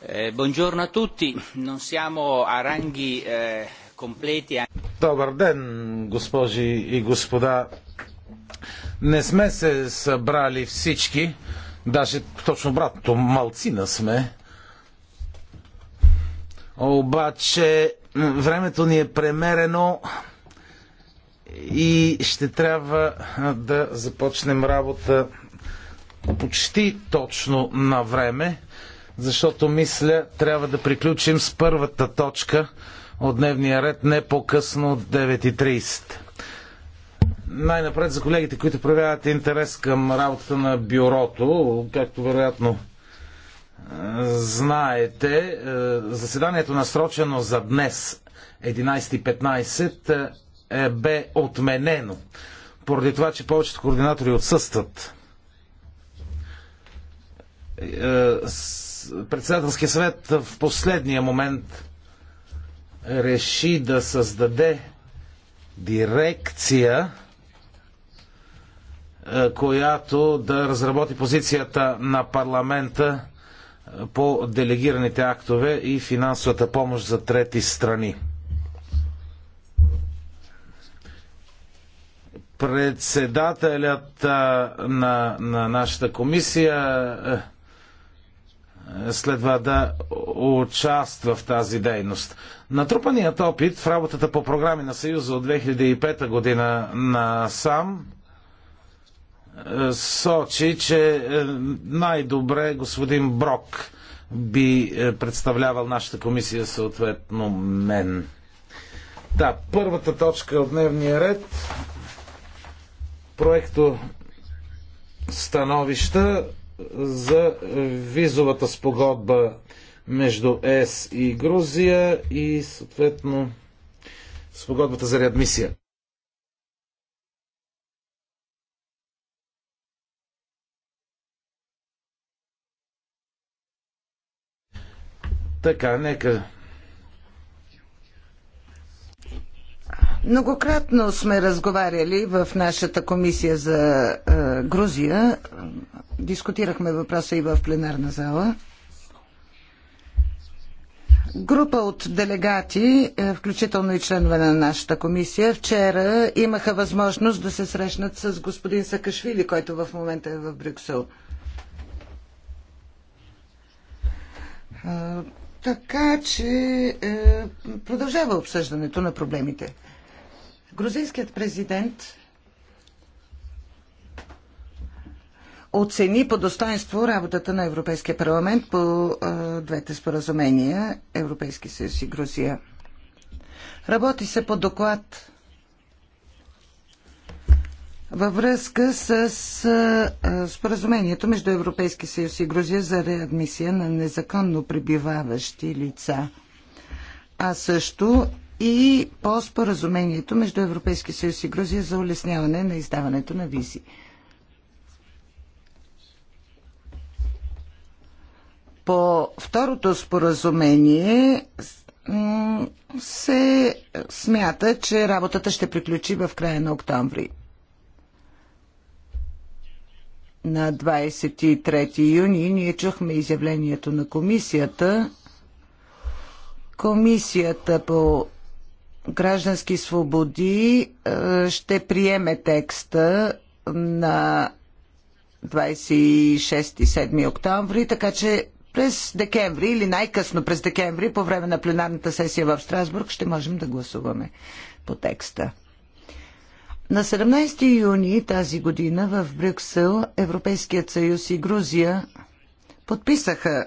Eh, buongiorno a tutti. Non siamo a комплети. Eh, eh. Добър ден, госпожи и господа. Не сме се събрали всички, даже точно обратното, малцина сме. Обаче времето ни е премерено и ще трябва да започнем работа почти точно на време защото мисля, трябва да приключим с първата точка от дневния ред не по-късно от 9.30. Най-напред за колегите, които проявяват интерес към работата на бюрото, както вероятно знаете, заседанието насрочено за днес 11.15 е, бе отменено, поради това, че повечето координатори отсъстват. Е, председателския съвет в последния момент реши да създаде дирекция, е, която да разработи позицията на парламента е, по делегираните актове и финансовата помощ за трети страни. Председателят е, на, на нашата комисия следва да участва в тази дейност. Натрупаният опит в работата по програми на Съюза от 2005 година на сам е, сочи, че е, най-добре господин Брок би е, представлявал нашата комисия, съответно мен. Да, първата точка от дневния ред проекто становища за визовата спогодба между ЕС и Грузия и съответно спогодбата за реадмисия. Така, нека Многократно сме разговаряли в нашата комисия за е, Грузия. Дискутирахме въпроса и в пленарна зала. Група от делегати, е, включително и членове на нашата комисия, вчера имаха възможност да се срещнат с господин Сакашвили, който в момента е в Брюксел. Е, така че е, продължава обсъждането на проблемите. Грузинският президент оцени по достоинство работата на Европейския парламент по а, двете споразумения Европейски съюз и Грузия. Работи се по доклад във връзка с а, споразумението между Европейски съюз и Грузия за реадмисия на незаконно пребиваващи лица, а също и по споразумението между Европейския съюз и Грузия за улесняване на издаването на визи. По второто споразумение се смята, че работата ще приключи в края на октомври. На 23 юни ние чухме изявлението на комисията. Комисията по граждански свободи е, ще приеме текста на 26-7 октомври, така че през декември или най-късно през декември по време на пленарната сесия в Страсбург ще можем да гласуваме по текста. На 17 юни тази година в Брюксел Европейският съюз и Грузия подписаха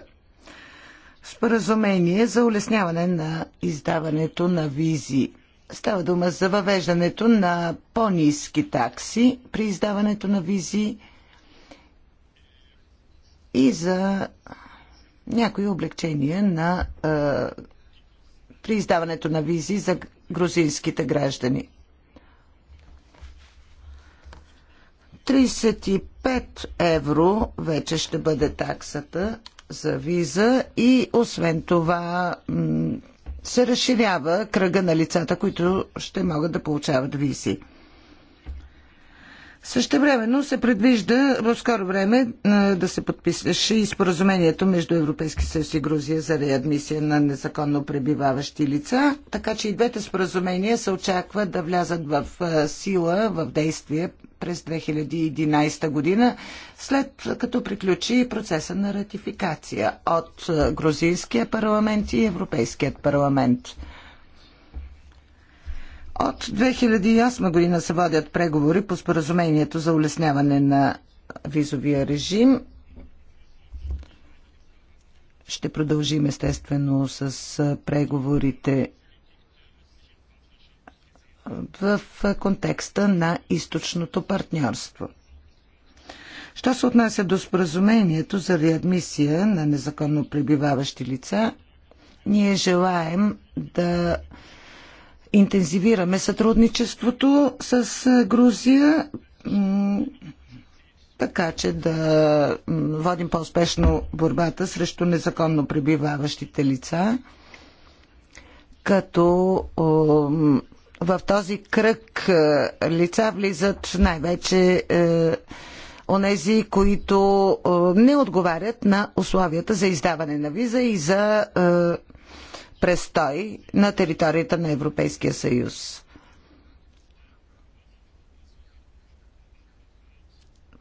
споразумение за улесняване на издаването на визи. Става дума за въвеждането на по-низки такси при издаването на визи и за някои облегчения на, е, при издаването на визи за грузинските граждани. 35 евро вече ще бъде таксата за виза и освен това се разширява кръга на лицата, които ще могат да получават визи. Същевременно се предвижда в скоро време да се подпише и споразумението между Европейски съюз и Грузия за реадмисия на незаконно пребиваващи лица, така че и двете споразумения се очаква да влязат в сила, в действие през 2011 година, след като приключи процеса на ратификация от Грузийския парламент и Европейският парламент. От 2008 година се водят преговори по споразумението за улесняване на визовия режим. Ще продължим естествено с преговорите в контекста на източното партньорство. Що се отнася до споразумението за реадмисия на незаконно пребиваващи лица, ние желаем да интензивираме сътрудничеството с Грузия, така че да водим по-успешно борбата срещу незаконно пребиваващите лица, като в този кръг лица влизат най-вече е, онези, които не отговарят на условията за издаване на виза и за е, престой на територията на Европейския съюз.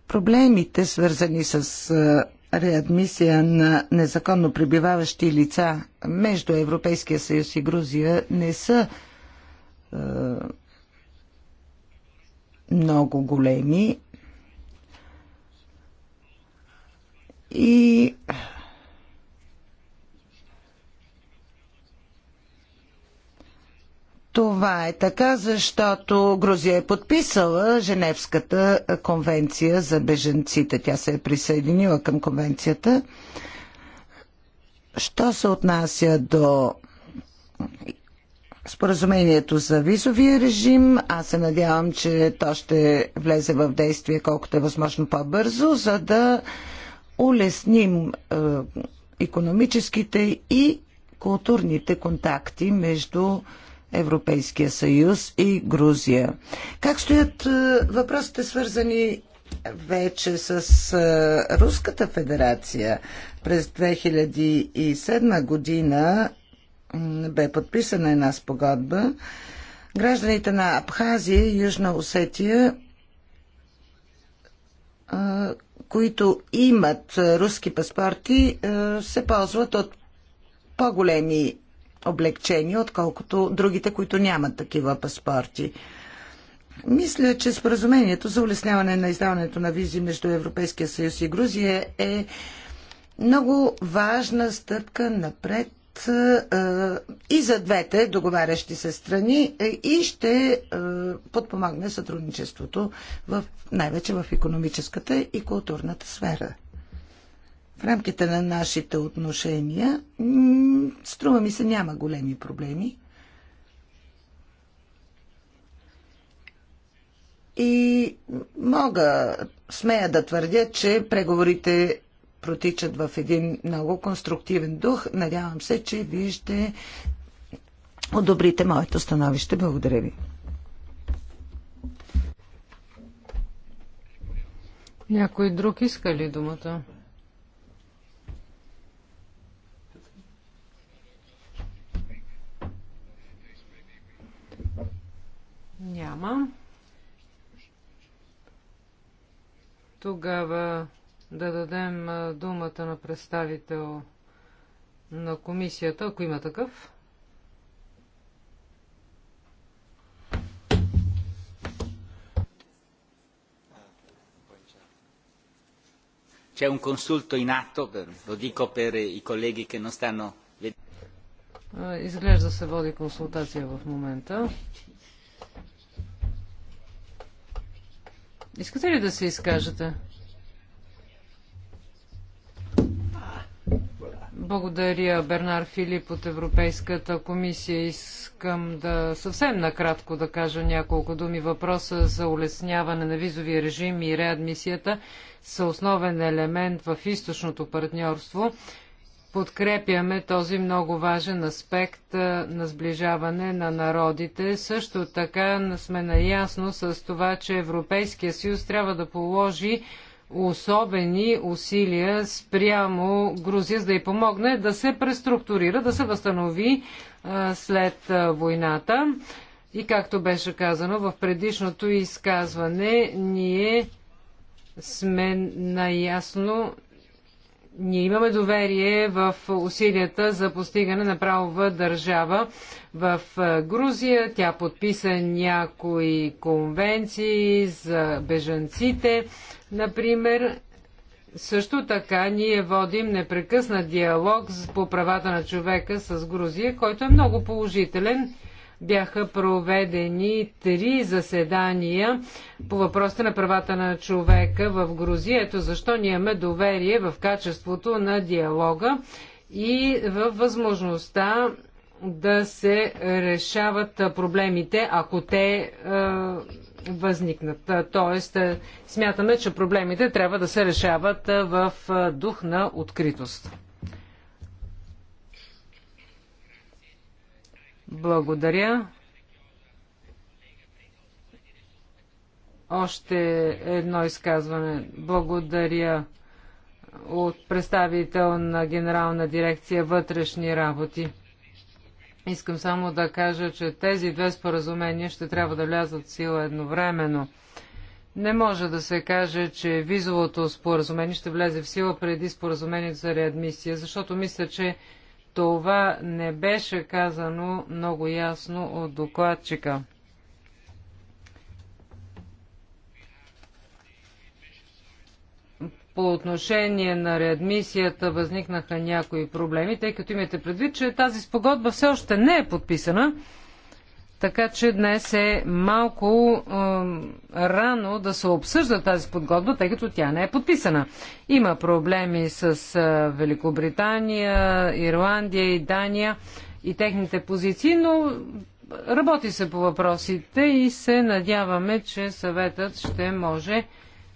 Проблемите, свързани с реадмисия на незаконно пребиваващи лица между Европейския съюз и Грузия, не са е, много големи. И Това е така, защото Грузия е подписала Женевската конвенция за беженците. Тя се е присъединила към конвенцията. Що се отнася до споразумението за визовия режим. Аз се надявам, че то ще влезе в действие колкото е възможно по-бързо, за да улесним е, икономическите економическите и културните контакти между Европейския съюз и Грузия. Как стоят е, въпросите свързани вече с е, Руската федерация? През 2007 година бе подписана една спогодба. Гражданите на Абхазия и Южна Осетия е, които имат руски паспорти, се ползват от по-големи облегчени, отколкото другите, които нямат такива паспорти. Мисля, че споразумението за улесняване на издаването на визи между Европейския съюз и Грузия е много важна стъпка напред и за двете договарящи се страни е, и ще подпомогне сътрудничеството в, най-вече в економическата и културната сфера в рамките на нашите отношения, струва ми се, няма големи проблеми. И мога, смея да твърдя, че преговорите протичат в един много конструктивен дух. Надявам се, че вие ще одобрите моето становище. Благодаря ви. Някой друг иска ли думата? Няма. Тогава да дадем думата на представител на комисията, ако има такъв. C'è un consulto in atto, lo dico per i colleghi che non stanno Изглежда се води консултация в момента. Искате ли да се изкажете? Благодаря, Бернар Филип от Европейската комисия. Искам да съвсем накратко да кажа няколко думи. Въпроса за улесняване на визовия режим и реадмисията са основен елемент в източното партньорство подкрепяме този много важен аспект на сближаване на народите. Също така сме наясно с това, че Европейския съюз трябва да положи особени усилия спрямо Грузия, за да й помогне да се преструктурира, да се възстанови след войната. И както беше казано в предишното изказване, ние сме наясно, ние имаме доверие в усилията за постигане на правова държава в е, Грузия. Тя подписа някои конвенции за бежанците, например. Също така ние водим непрекъснат диалог по правата на човека с Грузия, който е много положителен бяха проведени три заседания по въпросите на правата на човека в Грузия. Ето защо ние имаме доверие в качеството на диалога и във възможността да се решават проблемите, ако те е, възникнат. Тоест, е, смятаме, че проблемите трябва да се решават е, в е, дух на откритост. Благодаря. Още едно изказване. Благодаря от представител на Генерална дирекция вътрешни работи. Искам само да кажа, че тези две споразумения ще трябва да влязат в сила едновременно. Не може да се каже, че визовото споразумение ще влезе в сила преди споразумението за реадмисия, защото мисля, че това не беше казано много ясно от докладчика. по отношение на реадмисията възникнаха някои проблеми, тъй като имате предвид, че тази спогодба все още не е подписана. Така че днес е малко е, рано да се обсъжда тази подгодба, тъй като тя не е подписана. Има проблеми с е, Великобритания, Ирландия и Дания и техните позиции, но работи се по въпросите и се надяваме, че съветът ще може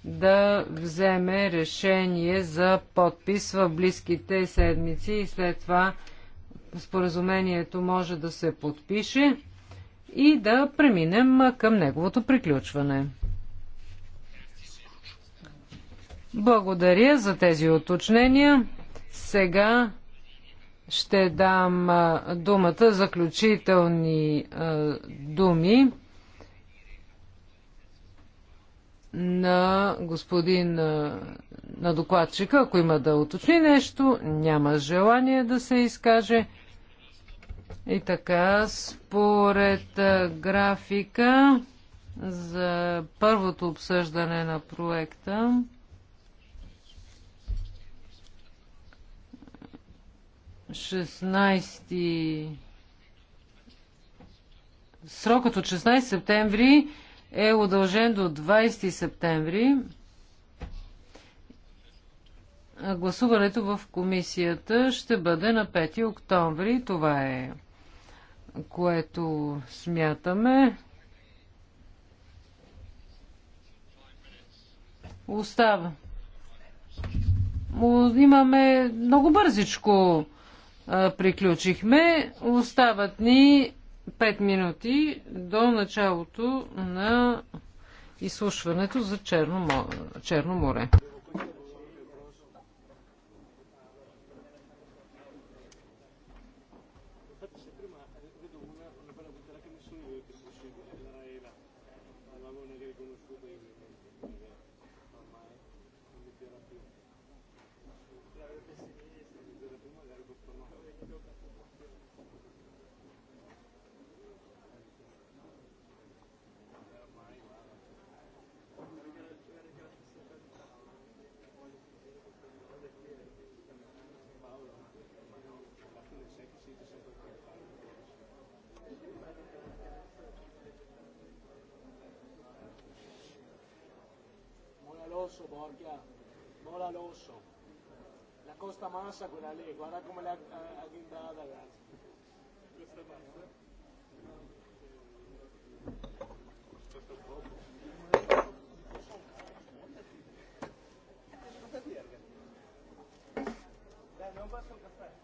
да вземе решение за подпис в близките седмици и след това споразумението може да се подпише и да преминем към неговото приключване. Благодаря за тези уточнения. Сега ще дам думата заключителни думи на господин на докладчика, ако има да уточни нещо, няма желание да се изкаже. И така, според графика за първото обсъждане на проекта, 16... Срокът от 16 септември е удължен до 20 септември. Гласуването в комисията ще бъде на 5 октомври. Това е което смятаме. Остава. Имаме много бързичко приключихме. Остават ни 5 минути до началото на изслушването за Черно, море. l'osso, Borgia, Mola l'osso. La costa massa quella lì, guarda come l'ha agghindata, ragazzi. Questa massa. Non basta un caffè.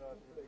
What is God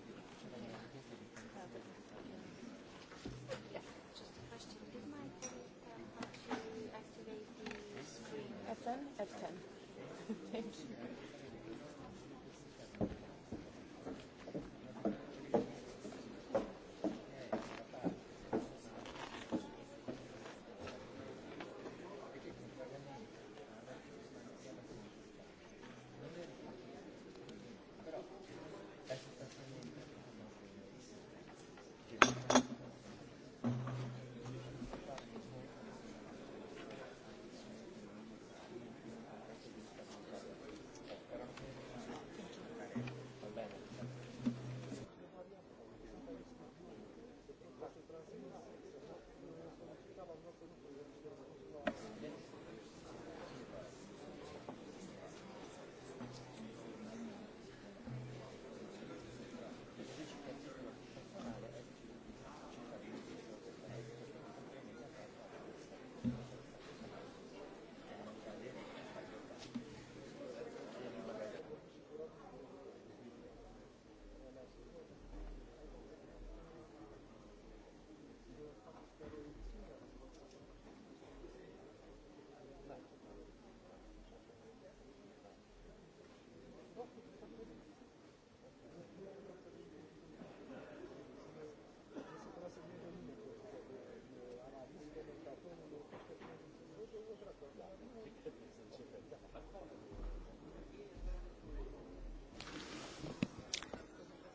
10 at 10. Thank you.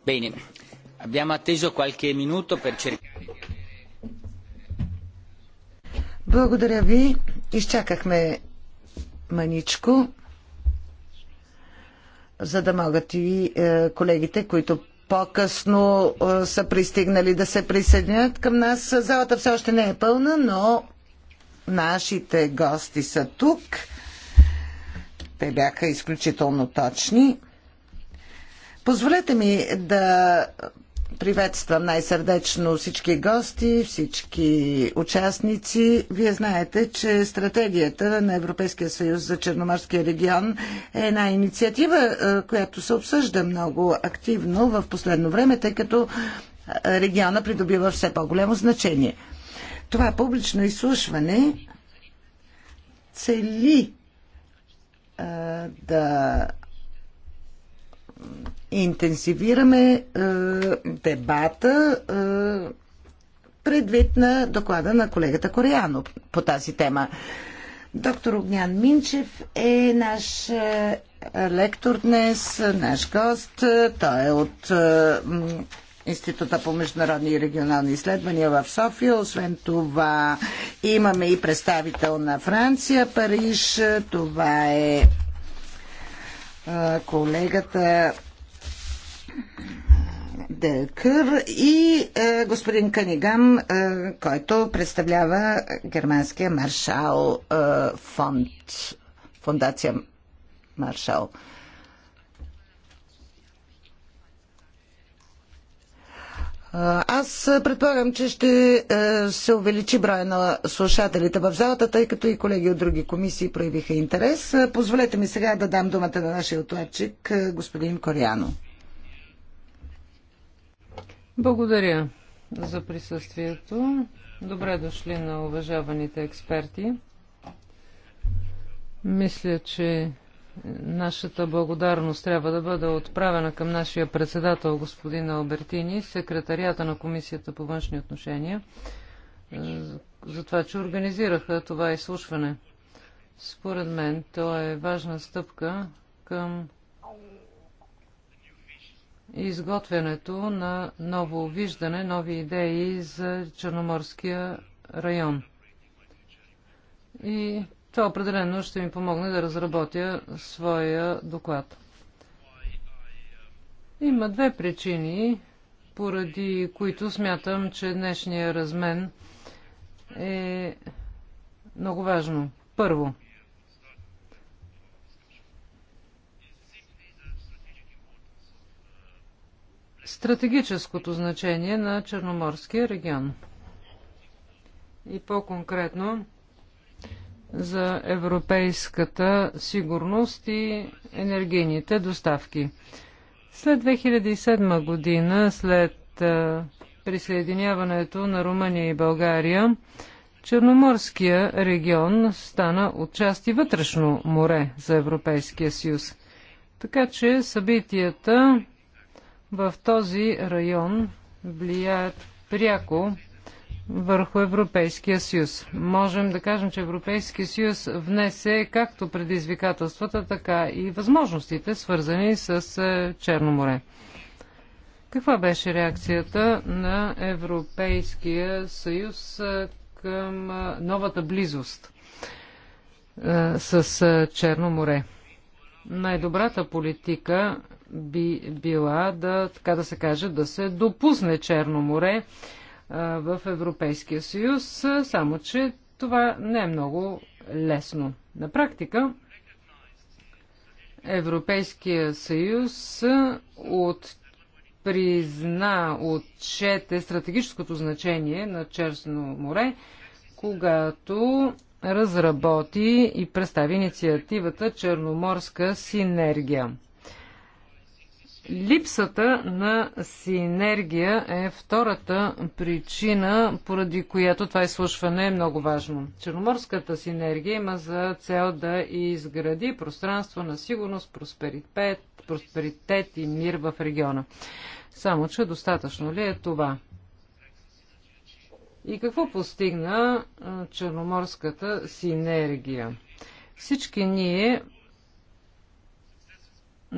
Bene, abbiamo atteso qualche minuto per cercare di Благодаря ви. Изчакахме маничко, за да могат и е, колегите, които по-късно е, са пристигнали да се присъединят към нас. Залата все още не е пълна, но нашите гости са тук. Те бяха изключително точни. Позволете ми да приветствам най-сърдечно всички гости, всички участници. Вие знаете, че стратегията на Европейския съюз за Черноморския регион е една инициатива, е, която се обсъжда много активно в последно време, тъй като е, региона придобива все по-голямо значение. Това публично изслушване цели е, да интенсивираме е, дебата е, предвид на доклада на колегата Кореяно по тази тема. Доктор Огнян Минчев е наш е, лектор днес, наш гост. Той е от е, Института по международни и регионални изследвания в София. Освен това имаме и представител на Франция, Париж. Това е, е колегата Декър и е, господин Канигам, е, който представлява германския маршал е, фонд, фондация маршал. Е, аз предполагам, че ще е, се увеличи броя на слушателите в залата, тъй като и колеги от други комисии проявиха интерес. Е, позволете ми сега да дам думата на нашия отладчик, господин Кориано. Благодаря за присъствието. Добре дошли на уважаваните експерти. Мисля, че нашата благодарност трябва да бъде отправена към нашия председател господин Албертини, секретарията на Комисията по външни отношения, за това, че организираха това изслушване. Според мен то е важна стъпка към изготвянето на ново виждане, нови идеи за Черноморския район. И това определено ще ми помогне да разработя своя доклад. Има две причини, поради които смятам, че днешния размен е много важно. Първо, стратегическото значение на Черноморския регион. И по-конкретно за европейската сигурност и енергийните доставки. След 2007 година, след присъединяването на Румъния и България, Черноморския регион стана отчасти вътрешно море за Европейския съюз. Така че събитията в този район влияят пряко върху Европейския съюз. Можем да кажем, че Европейския съюз внесе както предизвикателствата, така и възможностите, свързани с е, Черно море. Каква беше реакцията на Европейския съюз е, към е, новата близост с Черно море? Най-добрата политика би била да, така да се каже, да се допусне Черно море в Европейския съюз, само че това не е много лесно. На практика Европейския съюз от призна, отчете стратегическото значение на Черно море, когато разработи и представи инициативата Черноморска синергия. Липсата на синергия е втората причина, поради която това изслушване е много важно. Черноморската синергия има за цел да изгради пространство на сигурност, просперитет, просперитет и мир в региона. Само, че достатъчно ли е това? И какво постигна черноморската синергия? Всички ние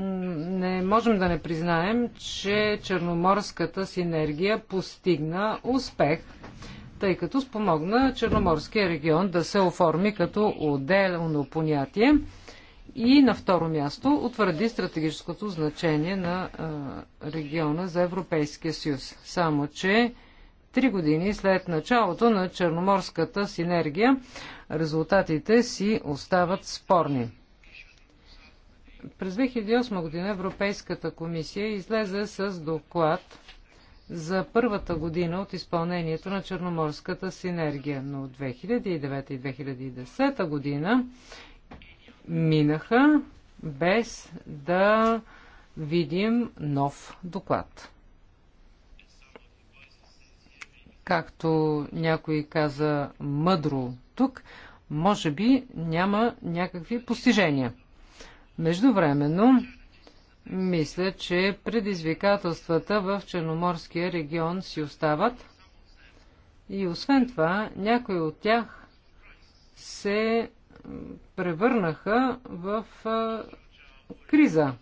не можем да не признаем, че черноморската синергия постигна успех, тъй като спомогна черноморския регион да се оформи като отделно понятие и на второ място утвърди стратегическото значение на региона за Европейския съюз. Само, че три години след началото на черноморската синергия резултатите си остават спорни. През 2008 година Европейската комисия излезе с доклад за първата година от изпълнението на Черноморската синергия. Но 2009 и 2010 година минаха без да видим нов доклад. Както някой каза мъдро тук, може би няма някакви постижения. Междувременно, мисля, че предизвикателствата в Черноморския регион си остават и освен това някои от тях се превърнаха в а, криза.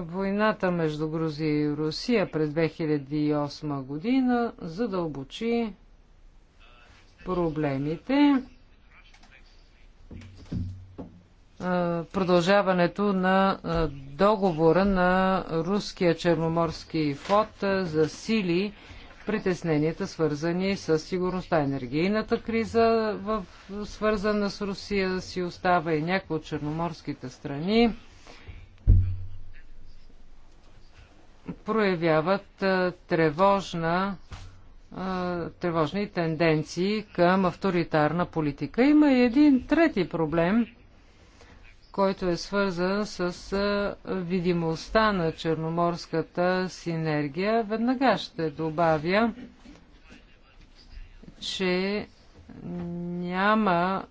Войната между Грузия и Русия през 2008 година задълбочи проблемите продължаването на договора на руския черноморски флот за сили притесненията, свързани с сигурността. Енергийната криза, в, свързана с Русия, си остава и някои от черноморските страни проявяват тревожна, тревожни тенденции към авторитарна политика. Има и един трети проблем – който е свързан с видимостта на черноморската синергия. Веднага ще добавя, че няма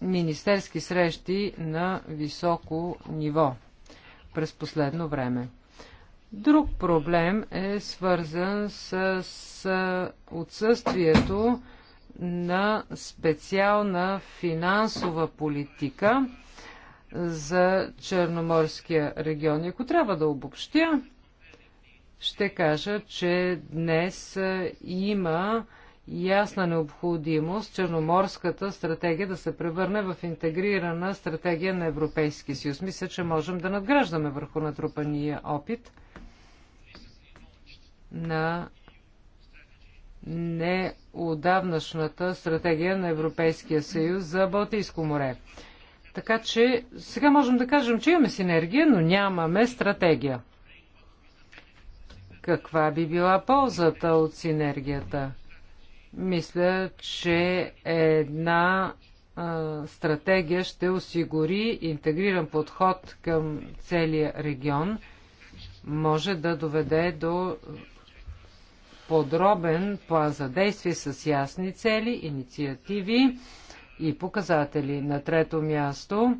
министерски срещи на високо ниво през последно време. Друг проблем е свързан с, с отсъствието на специална финансова политика за Черноморския регион. ако трябва да обобщя, ще кажа, че днес има ясна необходимост Черноморската стратегия да се превърне в интегрирана стратегия на Европейския съюз. Мисля, че можем да надграждаме върху натрупания опит на неодавнашната стратегия на Европейския съюз за Балтийско море. Така че сега можем да кажем, че имаме синергия, но нямаме стратегия. Каква би била ползата от синергията? Мисля, че една а, стратегия ще осигури интегриран подход към целия регион. Може да доведе до подробен план за действие с ясни цели, инициативи, и показатели. На трето място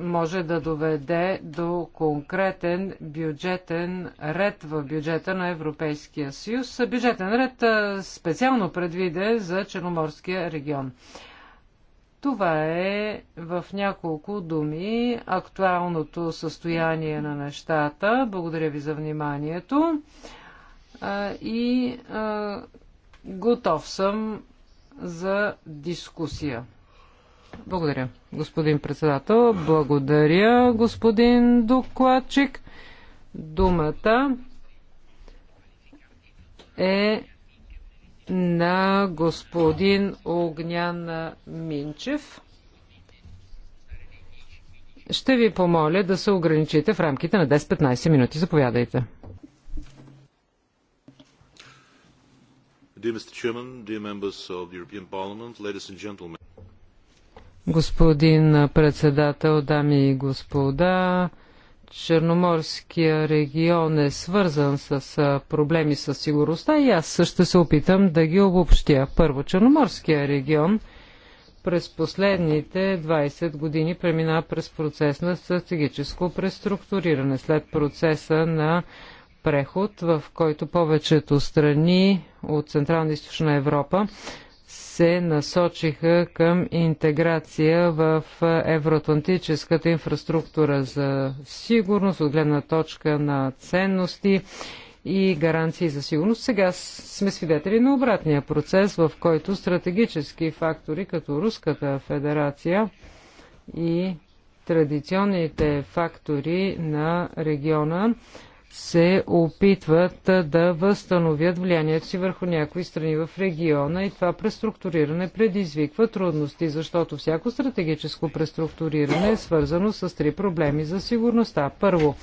може да доведе до конкретен бюджетен ред в бюджета на Европейския съюз. Бюджетен ред специално предвиде за Черноморския регион. Това е в няколко думи актуалното състояние на нещата. Благодаря ви за вниманието и готов съм за дискусия. Благодаря, господин председател. Благодаря, господин докладчик. Думата е на господин Огнян Минчев. Ще ви помоля да се ограничите в рамките на 10-15 минути. Заповядайте. Господин председател, дами и господа, Черноморския регион е свързан с проблеми със сигурността и аз също се опитам да ги обобщя. Първо, Черноморския регион през последните 20 години премина през процес на стратегическо преструктуриране. След процеса на преход, в който повечето страни от Централна и Източна Европа се насочиха към интеграция в евроатлантическата инфраструктура за сигурност, от гледна точка на ценности и гаранции за сигурност. Сега сме свидетели на обратния процес, в който стратегически фактори като Руската федерация и традиционните фактори на региона се опитват да възстановят влиянието си върху някои страни в региона и това преструктуриране предизвиква трудности, защото всяко стратегическо преструктуриране е свързано с три проблеми за сигурността. Първо,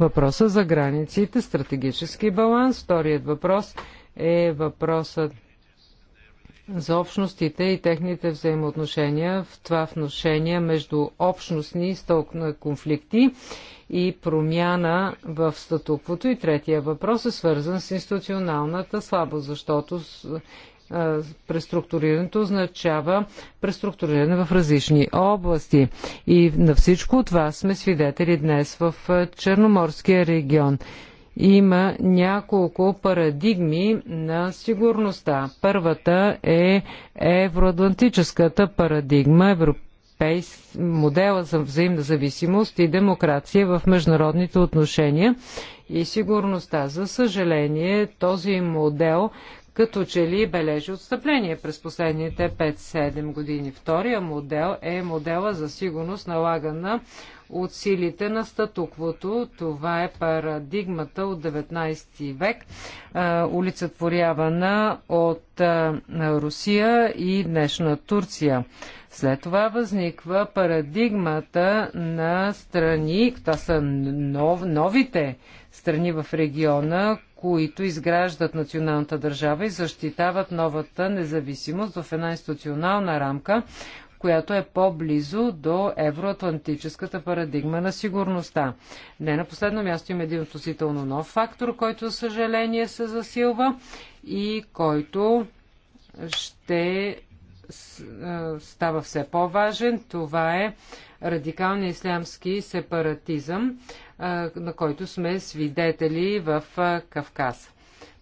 въпроса за границите, стратегически баланс. Вторият въпрос е въпросът за общностите и техните взаимоотношения, в това отношение между общностни и конфликти и промяна в статуквото. И третия въпрос е свързан с институционалната слабост, защото преструктурирането означава преструктуриране в различни области. И на всичко това сме свидетели днес в Черноморския регион. Има няколко парадигми на сигурността. Първата е евроатлантическата парадигма, европейс... модела за взаимна зависимост и демокрация в международните отношения и сигурността. За съжаление, този модел като че ли бележи отстъпление през последните 5-7 години. Втория модел е модела за сигурност, налагана от силите на статуквото. Това е парадигмата от 19 век, улицетворявана от Русия и днешна Турция. След това възниква парадигмата на страни, това са нов, новите страни в региона, които изграждат националната държава и защитават новата независимост в една институционална рамка, която е по-близо до евроатлантическата парадигма на сигурността. Не на последно място има един относително нов фактор, който, за съжаление, се засилва и който ще става все по-важен. Това е радикалния ислямски сепаратизъм, на който сме свидетели в Кавказ.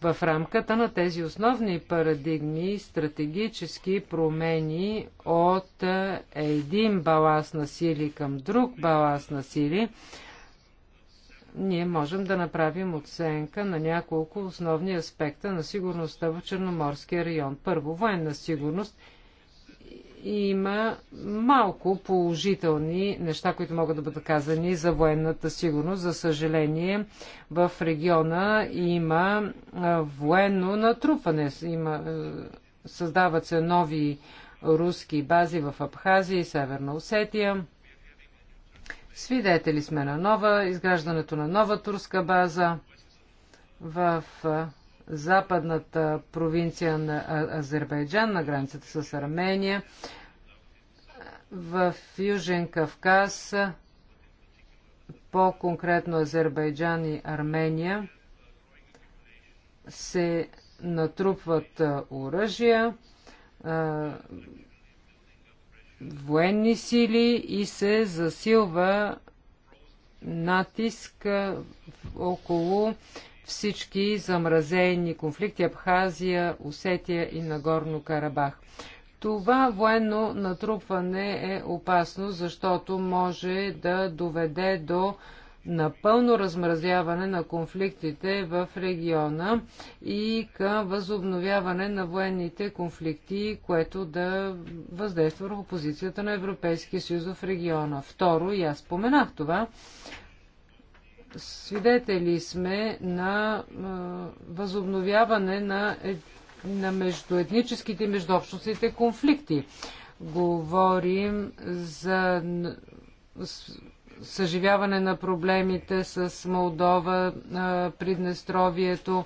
В рамката на тези основни парадигми, стратегически промени от един баланс на сили към друг баланс на сили, ние можем да направим оценка на няколко основни аспекта на сигурността в Черноморския район. Първо, военна сигурност – има малко положителни неща, които могат да бъдат казани за военната сигурност. За съжаление, в региона има военно натрупване. Има, създават се нови руски бази в Абхазия и Северна Осетия. Свидетели сме на нова, изграждането на нова турска база в западната провинция на Азербайджан, на границата с Армения, в Южен Кавказ, по-конкретно Азербайджан и Армения, се натрупват оръжия, военни сили и се засилва натиск около всички замразени конфликти Абхазия, Осетия и Нагорно Карабах. Това военно натрупване е опасно, защото може да доведе до напълно размразяване на конфликтите в региона и към възобновяване на военните конфликти, което да въздейства върху позицията на Европейския съюз в региона. Второ, и аз споменах това, свидетели сме на възобновяване на, на междуетническите и междуобщностните конфликти. Говорим за съживяване на проблемите с Молдова, Приднестровието,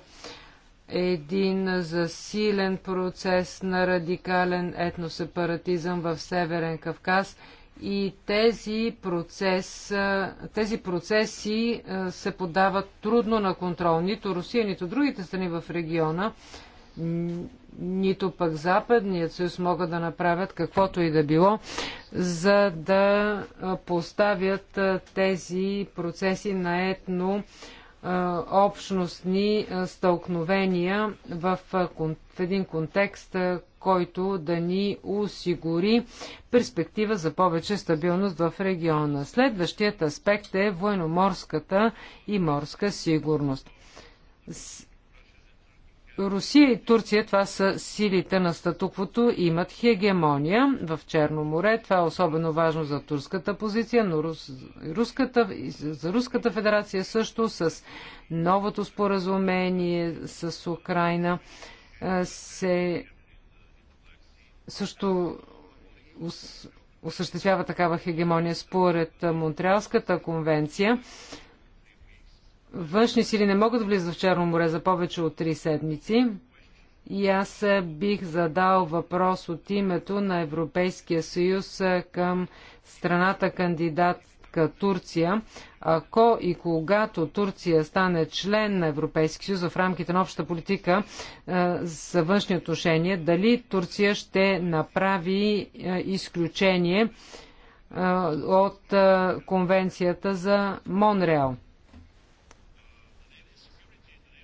един засилен процес на радикален етносепаратизъм в Северен Кавказ – и тези, процес, тези процеси се подават трудно на контрол. Нито Русия, нито другите страни в региона, нито пък Западният съюз могат да направят каквото и да било, за да поставят тези процеси на етно общностни стълкновения в, един контекст, който да ни осигури перспектива за повече стабилност в региона. Следващият аспект е военноморската и морска сигурност. Русия и Турция, това са силите на статуквото, имат хегемония в Черно море. Това е особено важно за турската позиция, но рус, руската, за Руската федерация също с новото споразумение с Украина се също осъществява такава хегемония според Монтреалската конвенция. Външни сили не могат да влизат в Черно море за повече от 3 седмици. И аз бих задал въпрос от името на Европейския съюз към страната кандидат сметка Турция, ако и когато Турция стане член на Европейски съюз в рамките на общата политика за външни отношения, дали Турция ще направи изключение от конвенцията за Монреал.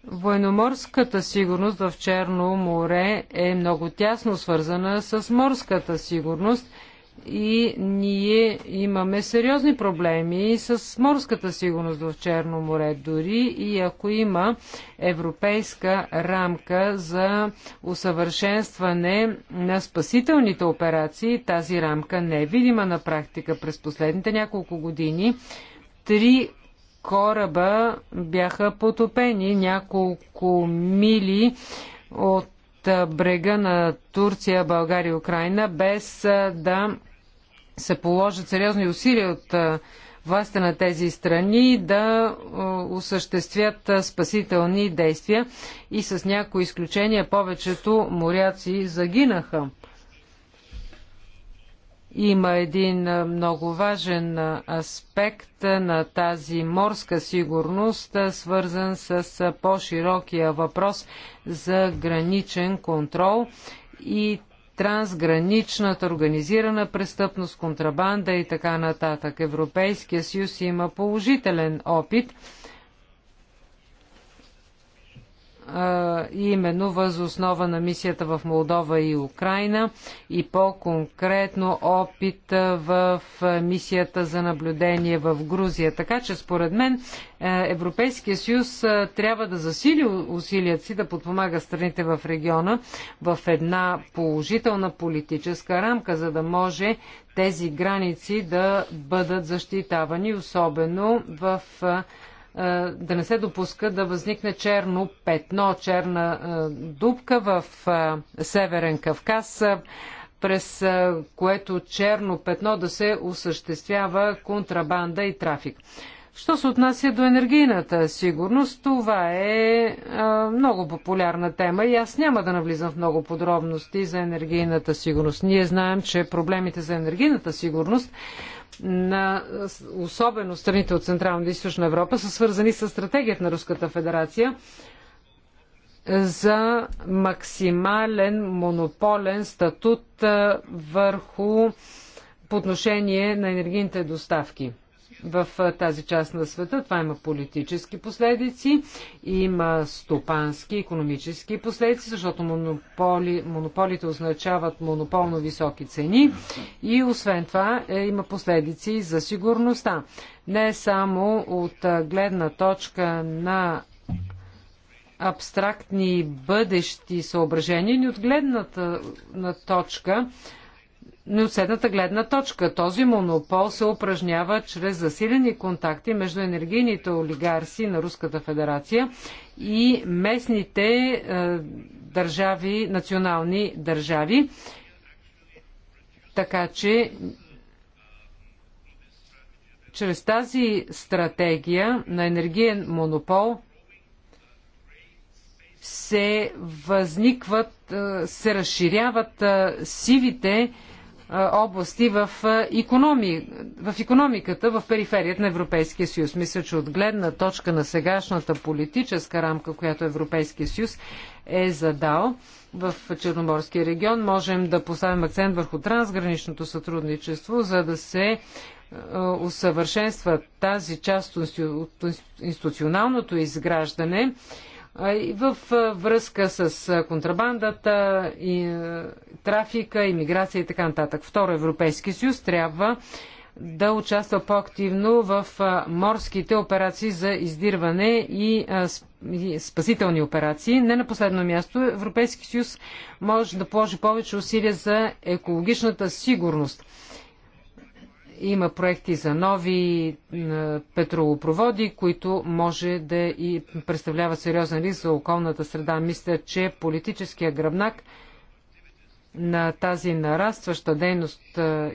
Военноморската сигурност в Черно море е много тясно свързана с морската сигурност – и ние имаме сериозни проблеми с морската сигурност в Черно море. Дори и ако има европейска рамка за усъвършенстване на спасителните операции, тази рамка не е видима на практика през последните няколко години. Три кораба бяха потопени няколко мили от брега на Турция, България и Украина, без да се положат сериозни усилия от властта на тези страни да осъществят спасителни действия и с някои изключения повечето моряци загинаха. Има един много важен аспект на тази морска сигурност, свързан с по-широкия въпрос за граничен контрол и трансграничната организирана престъпност, контрабанда и така нататък. Европейския съюз има положителен опит и именно въз основа на мисията в Молдова и Украина и по-конкретно опит в мисията за наблюдение в Грузия. Така че според мен е, Европейския съюз трябва да засили усилият си да подпомага страните в региона в една положителна политическа рамка, за да може тези граници да бъдат защитавани, особено в е, да не се допуска да възникне черно петно, черна е, дупка в е, Северен Кавказ, през което черно петно да се осъществява контрабанда и трафик. Що се отнася до енергийната сигурност, това е а, много популярна тема и аз няма да навлизам в много подробности за енергийната сигурност. Ние знаем, че проблемите за енергийната сигурност на особено страните от Централна и Източна Европа са свързани с стратегията на Руската федерация за максимален монополен статут върху по отношение на енергийните доставки в тази част на света. Това има политически последици, има стопански, економически последици, защото монополи, монополите означават монополно високи цени и освен това е, има последици за сигурността. Не само от гледна точка на абстрактни бъдещи съображения, ни от гледната на точка но следната гледна точка. Този монопол се упражнява чрез засилени контакти между енергийните олигарси на Руската федерация и местните е, държави, национални държави. Така че чрез тази стратегия на енергиен монопол се възникват, е, се разширяват е, сивите области в, економи, в економиката в периферията на Европейския съюз. Мисля, че от гледна точка на сегашната политическа рамка, която Европейския съюз е задал в Черноморския регион, можем да поставим акцент върху трансграничното сътрудничество, за да се усъвършенства тази част от институционалното изграждане в връзка с контрабандата, и, трафика, иммиграция и така нататък. Второ, Европейски съюз трябва да участва по-активно в морските операции за издирване и спасителни операции. Не на последно място, Европейски съюз може да положи повече усилия за екологичната сигурност има проекти за нови петролопроводи, които може да и представлява сериозен риск за околната среда. Мисля, че политическия гръбнак – на тази нарастваща дейност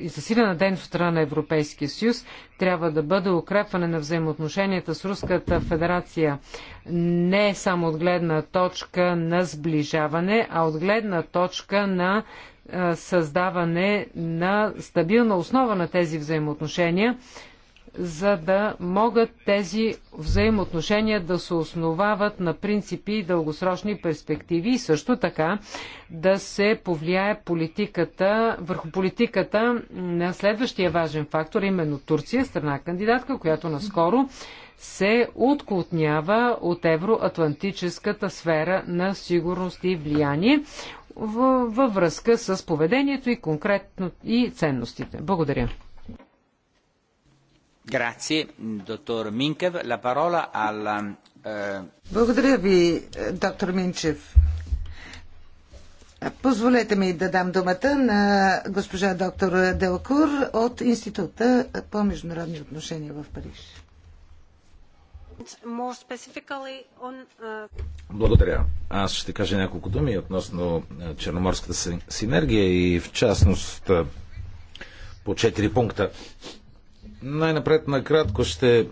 и засилена дейност от страна на Европейския съюз трябва да бъде укрепване на взаимоотношенията с Руската федерация не само от гледна точка на сближаване, а от гледна точка на създаване на стабилна основа на тези взаимоотношения за да могат тези взаимоотношения да се основават на принципи и дългосрочни перспективи и също така да се повлияе политиката, върху политиката на следващия важен фактор, именно Турция, страна кандидатка, която наскоро се отклотнява от евроатлантическата сфера на сигурност и влияние във връзка с поведението и конкретно и ценностите. Благодаря. Eh, Благодаря ви, е, доктор Минчев. Позволете ми да дам думата на госпожа доктор Делкур от Института по международни отношения в Париж. Е, Благодаря. Аз ще кажа няколко думи относно е, черноморската синергия и в частност по четири пункта, най-напред накратко ще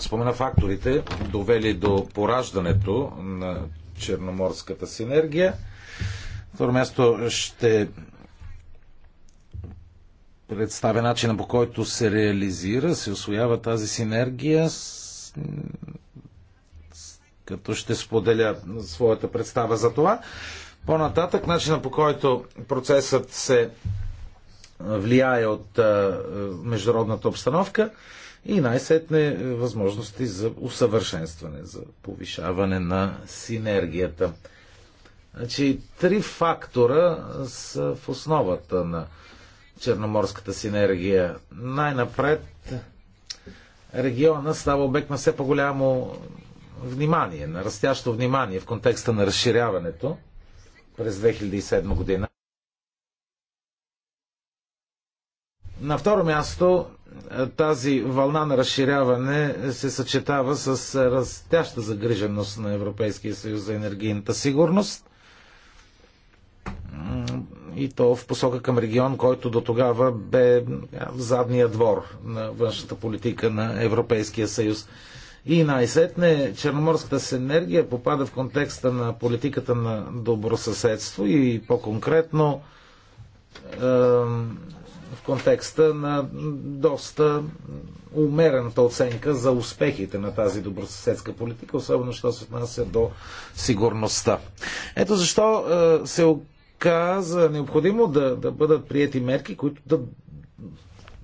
спомена факторите, довели до пораждането на черноморската синергия. Второ място ще представя начина по който се реализира, се освоява тази синергия, с... като ще споделя своята представа за това. По-нататък, начина по който процесът се влияе от международната обстановка и най-сетне е, възможности за усъвършенстване, за повишаване на синергията. Значи, три фактора са в основата на черноморската синергия. Най-напред региона става обект на все по-голямо внимание, на растящо внимание в контекста на разширяването през 2007 година. На второ място, е, тази вълна на разширяване се съчетава с растяща загриженост на Европейския съюз за енергийната сигурност и то в посока към регион, който до тогава бе е, в задния двор на външната политика на Европейския съюз. И най-сетне Черноморската енергия попада в контекста на политиката на добросъседство и по-конкретно в контекста на доста умерената оценка за успехите на тази добросъседска политика, особено що се отнася до сигурността. Ето защо е, се оказа необходимо да, да бъдат приети мерки, които да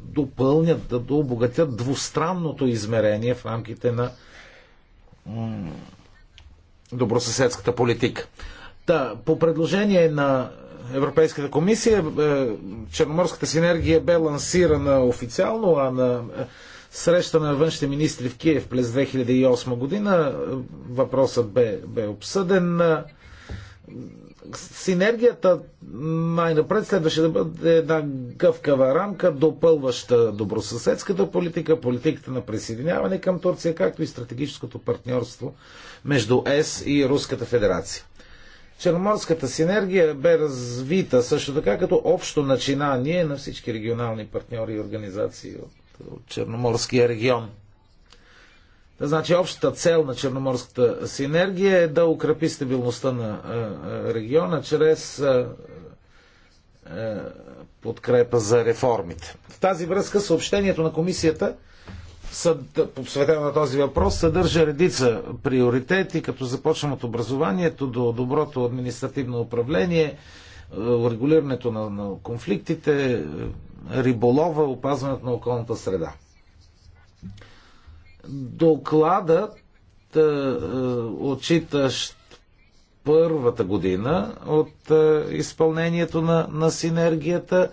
допълнят, да дообогатят двустранното измерение в рамките на добросъседската политика. Та, по предложение на Европейската комисия. Е, черноморската синергия бе лансирана официално, а на е, среща на външните министри в Киев през 2008 година е, въпросът бе, бе обсъден. Синергията най-напред следваше да бъде една гъвкава рамка, допълваща добросъседската политика, политиката на присъединяване към Турция, както и стратегическото партньорство между ЕС и Руската федерация. Черноморската синергия бе развита също така като общо начинание на всички регионални партньори и организации от, от Черноморския регион. значи общата цел на Черноморската синергия е да укрепи стабилността на е, региона чрез е, е, подкрепа за реформите. В тази връзка съобщението на комисията – посветена на този въпрос, съдържа редица приоритети, като започвам от образованието до доброто административно управление, е, регулирането на, на конфликтите, е, риболова, опазването на околната среда. Докладът, е, отчитащ първата година от изпълнението на, на синергията,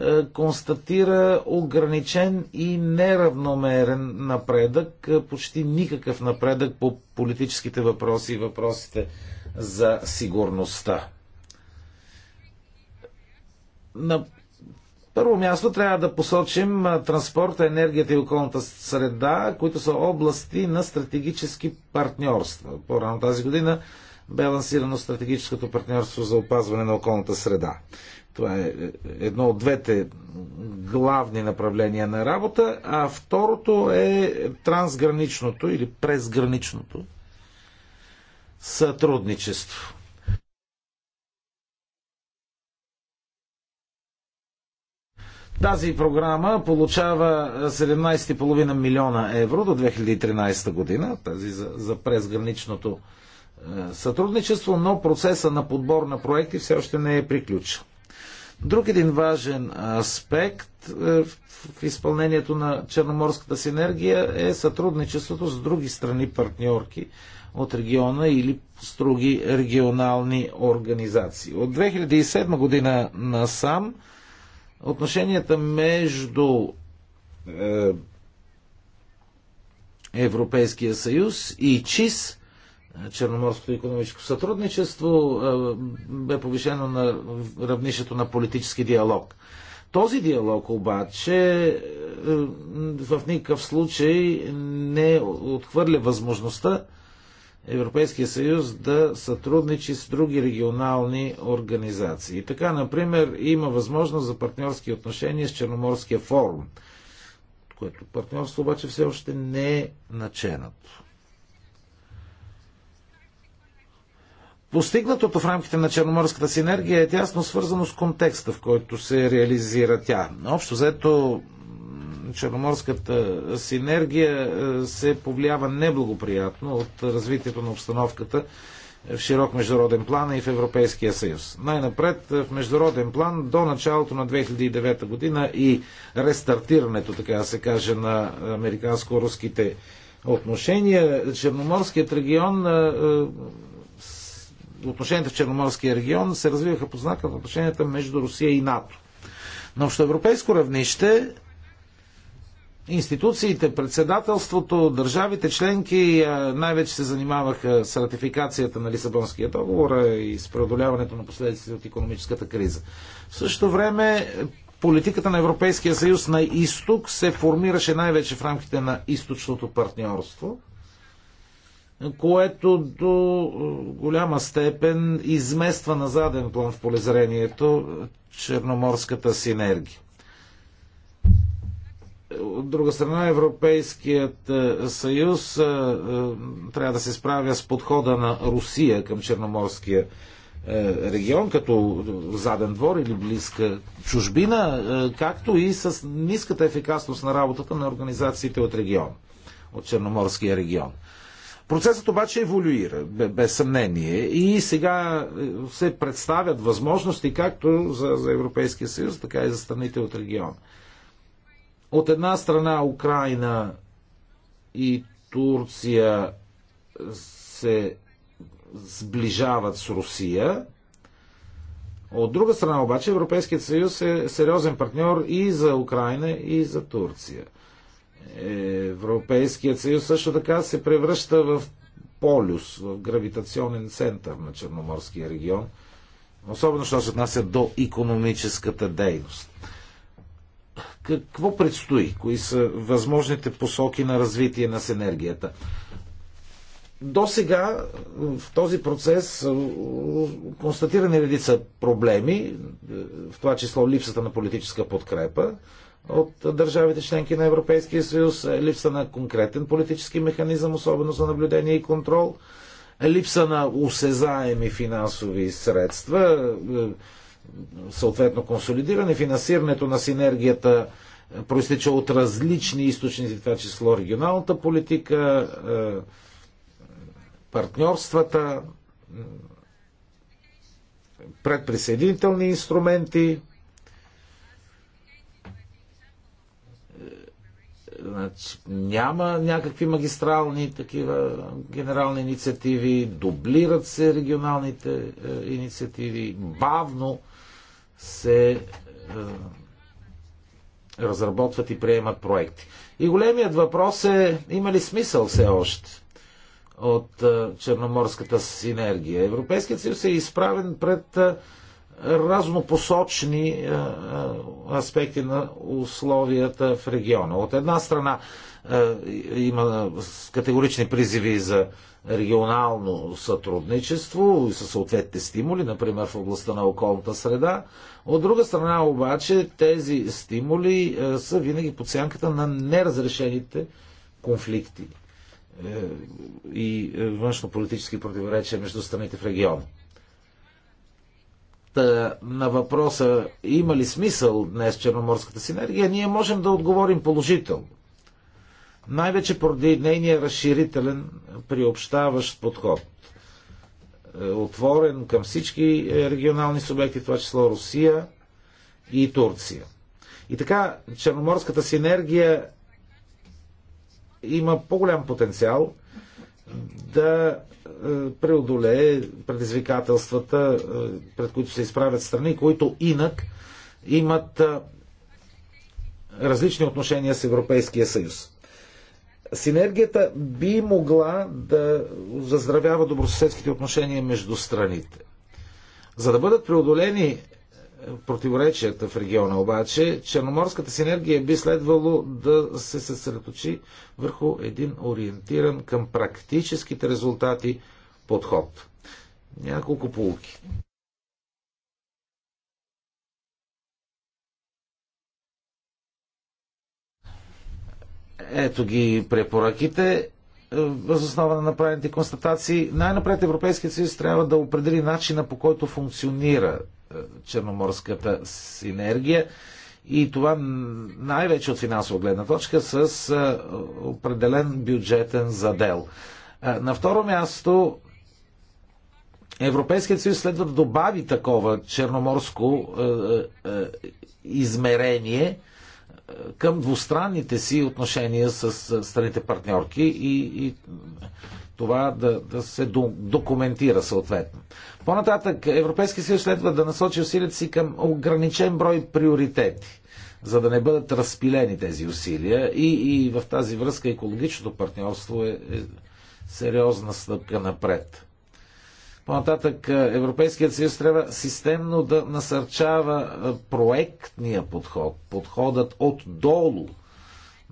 е, констатира ограничен и неравномерен напредък, е, почти никакъв напредък по политическите въпроси и въпросите за сигурността. На първо място трябва да посочим е, транспорта, енергията и околната среда, които са области на стратегически партньорства. По-рано тази година бе лансирано стратегическото партньорство за опазване на околната среда. Това е, е едно от двете главни направления на работа, а второто е трансграничното или презграничното сътрудничество. Тази програма получава 17,5 милиона евро до 2013 година, тази за, за презграничното е, сътрудничество, но процеса на подбор на проекти все още не е приключил. Друг един важен аспект е, в изпълнението на Черноморската синергия е сътрудничеството с други страни партньорки от региона или с други регионални организации. От 2007 година насам отношенията между е, Европейския съюз и ЧИС Черноморското економическо сътрудничество бе повишено на равнището на политически диалог. Този диалог обаче е, в никакъв случай не отхвърля възможността Европейския съюз да сътрудничи с други регионални организации. И така, например, има възможност за партньорски отношения с Черноморския форум, което партньорство обаче все още не е наченато. Постигнатото в рамките на Черноморската синергия е тясно свързано с контекста, в който се реализира тя. Общо взето Черноморската синергия е, се повлиява неблагоприятно от развитието на обстановката в широк международен план и в Европейския съюз. Най-напред е, в международен план до началото на 2009 година и рестартирането, така да се каже, на американско-руските отношения, Черноморският регион е, отношенията в Черноморския регион се развиваха по знака в отношенията между Русия и НАТО. На общоевропейско равнище институциите, председателството, държавите членки най-вече се занимаваха с ратификацията на Лисабонския договор и с преодоляването на последиците от економическата криза. В същото време политиката на Европейския съюз на изток се формираше най-вече в рамките на източното партньорство – което до е, голяма степен измества на заден план в полезрението черноморската синергия. От друга страна, Европейският е, съюз е, трябва да се справя с подхода на Русия към Черноморския регион, като заден двор или близка чужбина, както и с ниската ефикасност на работата на организациите от регион, от Черноморския регион. Процесът обаче еволюира, без съмнение. И сега е, се представят възможности както за, за Европейския съюз, така и за страните от региона. От една страна Украина и Турция се сближават с Русия. От друга страна обаче Европейският съюз е сериозен партньор и за Украина, и за Турция – Европейският съюз също така се превръща в полюс, в гравитационен център на Черноморския регион, особено що се отнася до економическата дейност. Какво предстои? Кои са възможните посоки на развитие на синергията? До сега в този процес констатирани редица проблеми, в това число липсата на политическа подкрепа, от държавите членки на Европейския съюз, липса на конкретен политически механизъм, особено за наблюдение и контрол, липса на осезаеми финансови средства, е, съответно консолидиране, финансирането на синергията е, проистича от различни източници, това число регионалната политика, е, партньорствата, предприсъединителни инструменти, Значи, няма някакви магистрални такива генерални инициативи, дублират се регионалните е, инициативи, бавно се е, разработват и приемат проекти. И големият въпрос е, има ли смисъл все още от е, черноморската синергия? Европейският съюз е изправен пред е, разнопосочни е, е, аспекти на условията в региона. От една страна е, има категорични призиви за регионално сътрудничество и със съответните стимули, например в областта на околната среда. От друга страна обаче тези стимули са винаги под сянката на неразрешените конфликти и външно-политически противоречия между страните в региона. Е, на въпроса има ли смисъл днес черноморската синергия, ние можем да отговорим положително. Най-вече поради нейния разширителен, приобщаващ подход. Е, отворен към всички е, регионални субекти, това число Русия и Турция. И така, черноморската синергия има по-голям потенциал да е, преодолее предизвикателствата, е, пред които се изправят страни, които инак имат е, различни отношения с Европейския съюз. Синергията би могла да заздравява добросъседските отношения между страните. За да бъдат преодолени противоречията в региона. Обаче, черноморската синергия би следвало да се съсредоточи върху един ориентиран към практическите резултати подход. Няколко полуки. Ето ги препоръките въз основа на направените констатации. Най-напред Европейският съюз трябва да определи начина по който функционира черноморската синергия и това най-вече от финансова гледна точка с определен бюджетен задел. На второ място Европейският съюз следва да добави такова черноморско измерение към двустранните си отношения с страните партньорки и, и това да, да се документира съответно. По-нататък Европейски съюз следва да насочи усилията си към ограничен брой приоритети, за да не бъдат разпилени тези усилия и, и в тази връзка екологичното партньорство е, е сериозна стъпка напред. По-нататък Европейският съюз трябва системно да насърчава проектния подход, подходът отдолу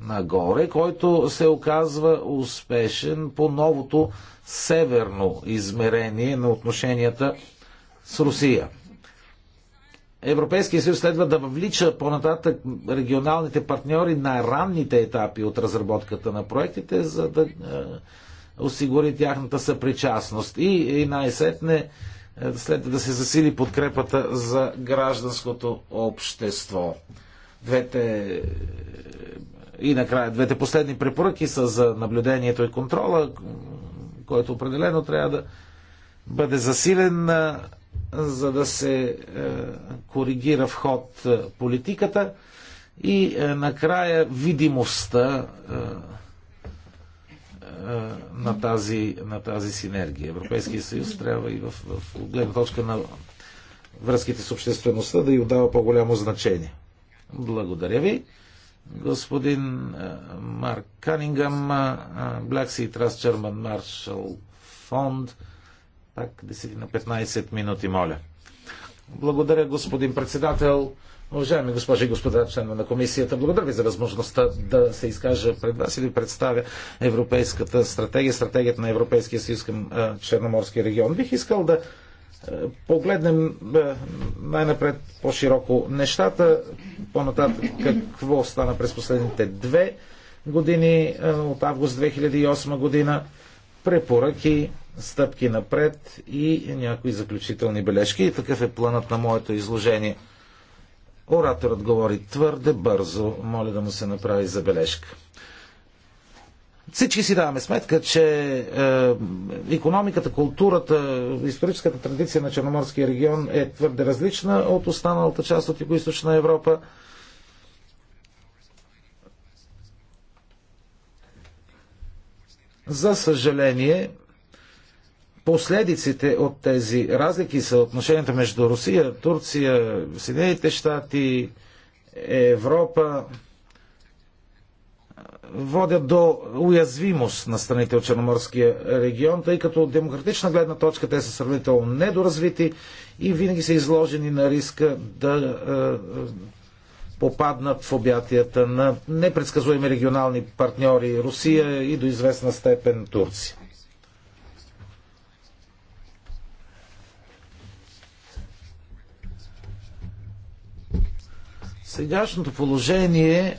нагоре, който се оказва успешен по новото северно измерение на отношенията с Русия. Европейския съюз следва да влича по-нататък регионалните партньори на ранните етапи от разработката на проектите, за да е, осигури тяхната съпричастност. И, и най-сетне е, следва да се засили подкрепата за гражданското общество. Двете и накрая двете последни препоръки са за наблюдението и контрола, който определено трябва да бъде засилен, за да се е, коригира в ход е, политиката. И е, накрая видимостта на тази, на тази синергия. Европейския съюз трябва и в, в гледна точка на връзките с обществеността да й отдава по-голямо значение. Благодаря ви господин е, Марк Канингъм, е, е, Black Sea Trust German Marshall Fund. Пак 10 на 15 минути, моля. Благодаря, господин председател. Уважаеми госпожи и господа членове на комисията, благодаря ви за възможността да се изкажа пред вас и да представя Европейската стратегия, стратегията на Европейския съюз към Черноморския регион. Бих искал да е, погледнем е, най-напред по-широко нещата, по-нататък какво стана през последните две години е, от август 2008 година, препоръки, стъпки напред и някои заключителни бележки. И такъв е планът на моето изложение. Ораторът говори твърде бързо, моля да му се направи забележка. Всички си даваме сметка, че е, економиката, културата, историческата традиция на Черноморския регион е твърде различна от останалата част от Юго-Источна Европа. За съжаление, последиците от тези разлики са отношенията между Русия, Турция, Съединените щати, Европа, водят до уязвимост на страните от Черноморския регион, тъй като от демократична гледна точка те са сравнително недоразвити и винаги са изложени на риска да е, попаднат в обятията на непредсказуеми регионални партньори Русия и до известна степен Турция. Сегашното положение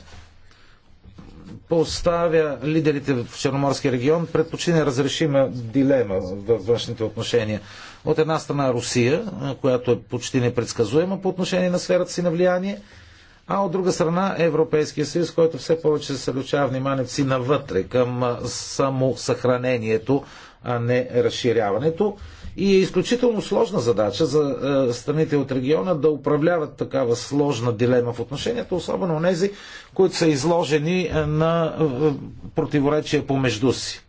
поставя лидерите в Черноморския регион пред почти неразрешима дилема във външните отношения. От една страна Русия, която е почти непредсказуема по отношение на сферата си на влияние, а от друга страна Европейския съюз, който все повече се лючава вниманието си навътре към самосъхранението, а не разширяването. И е изключително сложна задача за е, страните от региона да управляват такава сложна дилема в отношенията, особено нези, които са изложени е, на е, противоречия помежду си.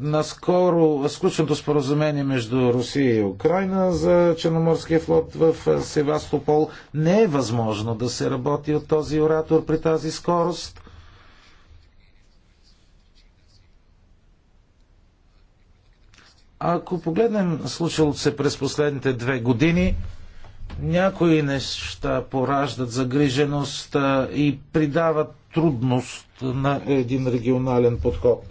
Наскоро сключеното споразумение между Русия и Украина за Черноморския флот в Севастопол не е възможно да се работи от този оратор при тази скорост. Ако погледнем случилото се през последните две години, някои неща пораждат загриженост и придават трудност на един регионален подход.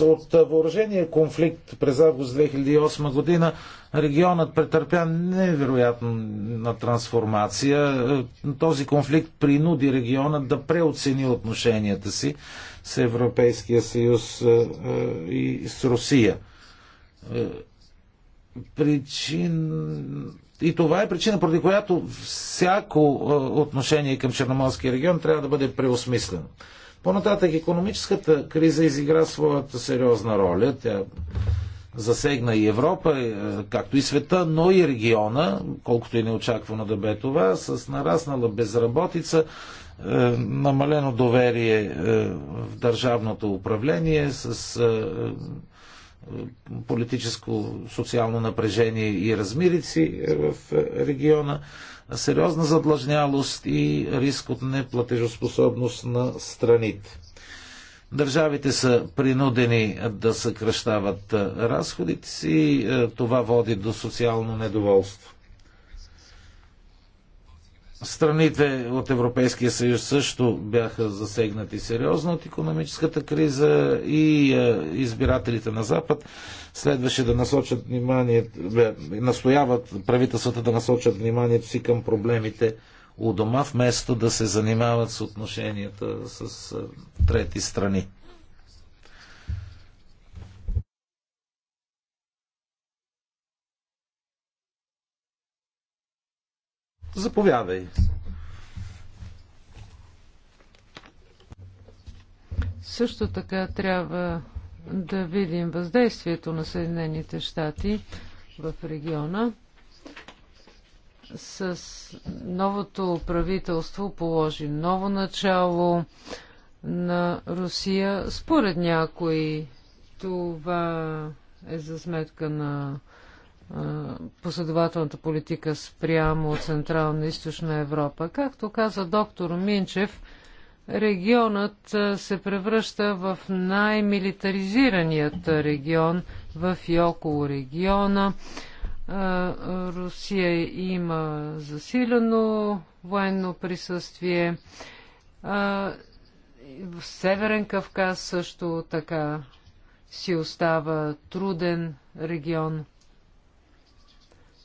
От въоръжения конфликт през август 2008 година регионът претърпя невероятна трансформация. Този конфликт принуди регионът да преоцени отношенията си с Европейския съюз и с Русия. Е, причин... И това е причина, поради която всяко е, отношение към Черноморския регион трябва да бъде преосмислено. По-нататък економическата криза изигра своята сериозна роля. Тя засегна и Европа, е, както и света, но и региона, колкото и неочаквано да бе това, с нараснала безработица, намалено доверие в държавното управление, с политическо, социално напрежение и размирици в региона, сериозна задлъжнялост и риск от неплатежоспособност на страните. Държавите са принудени да съкръщават разходите си, това води до социално недоволство. Страните от Европейския съюз също бяха засегнати сериозно от економическата криза и е, избирателите на Запад следваше да насочат внимание, настояват правителствата да насочат вниманието си към проблемите у дома, вместо да се занимават с отношенията с е, трети страни. Заповядай. Също така трябва да видим въздействието на Съединените щати в региона. С новото правителство положи ново начало на Русия. Според някои това е за сметка на последователната политика спрямо от Централна и Източна Европа. Както каза доктор Минчев, регионът се превръща в най-милитаризираният регион в и около региона. Русия има засилено военно присъствие. В Северен Кавказ също така си остава труден регион.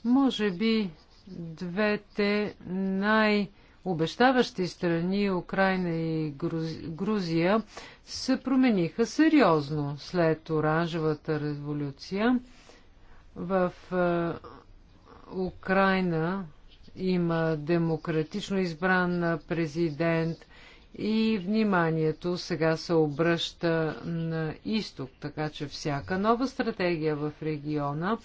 Може би двете най- обещаващи страни Украина и Грузия се промениха сериозно след Оранжевата революция. В е, Украина има демократично избран президент и вниманието сега се обръща на изток, така че всяка нова стратегия в региона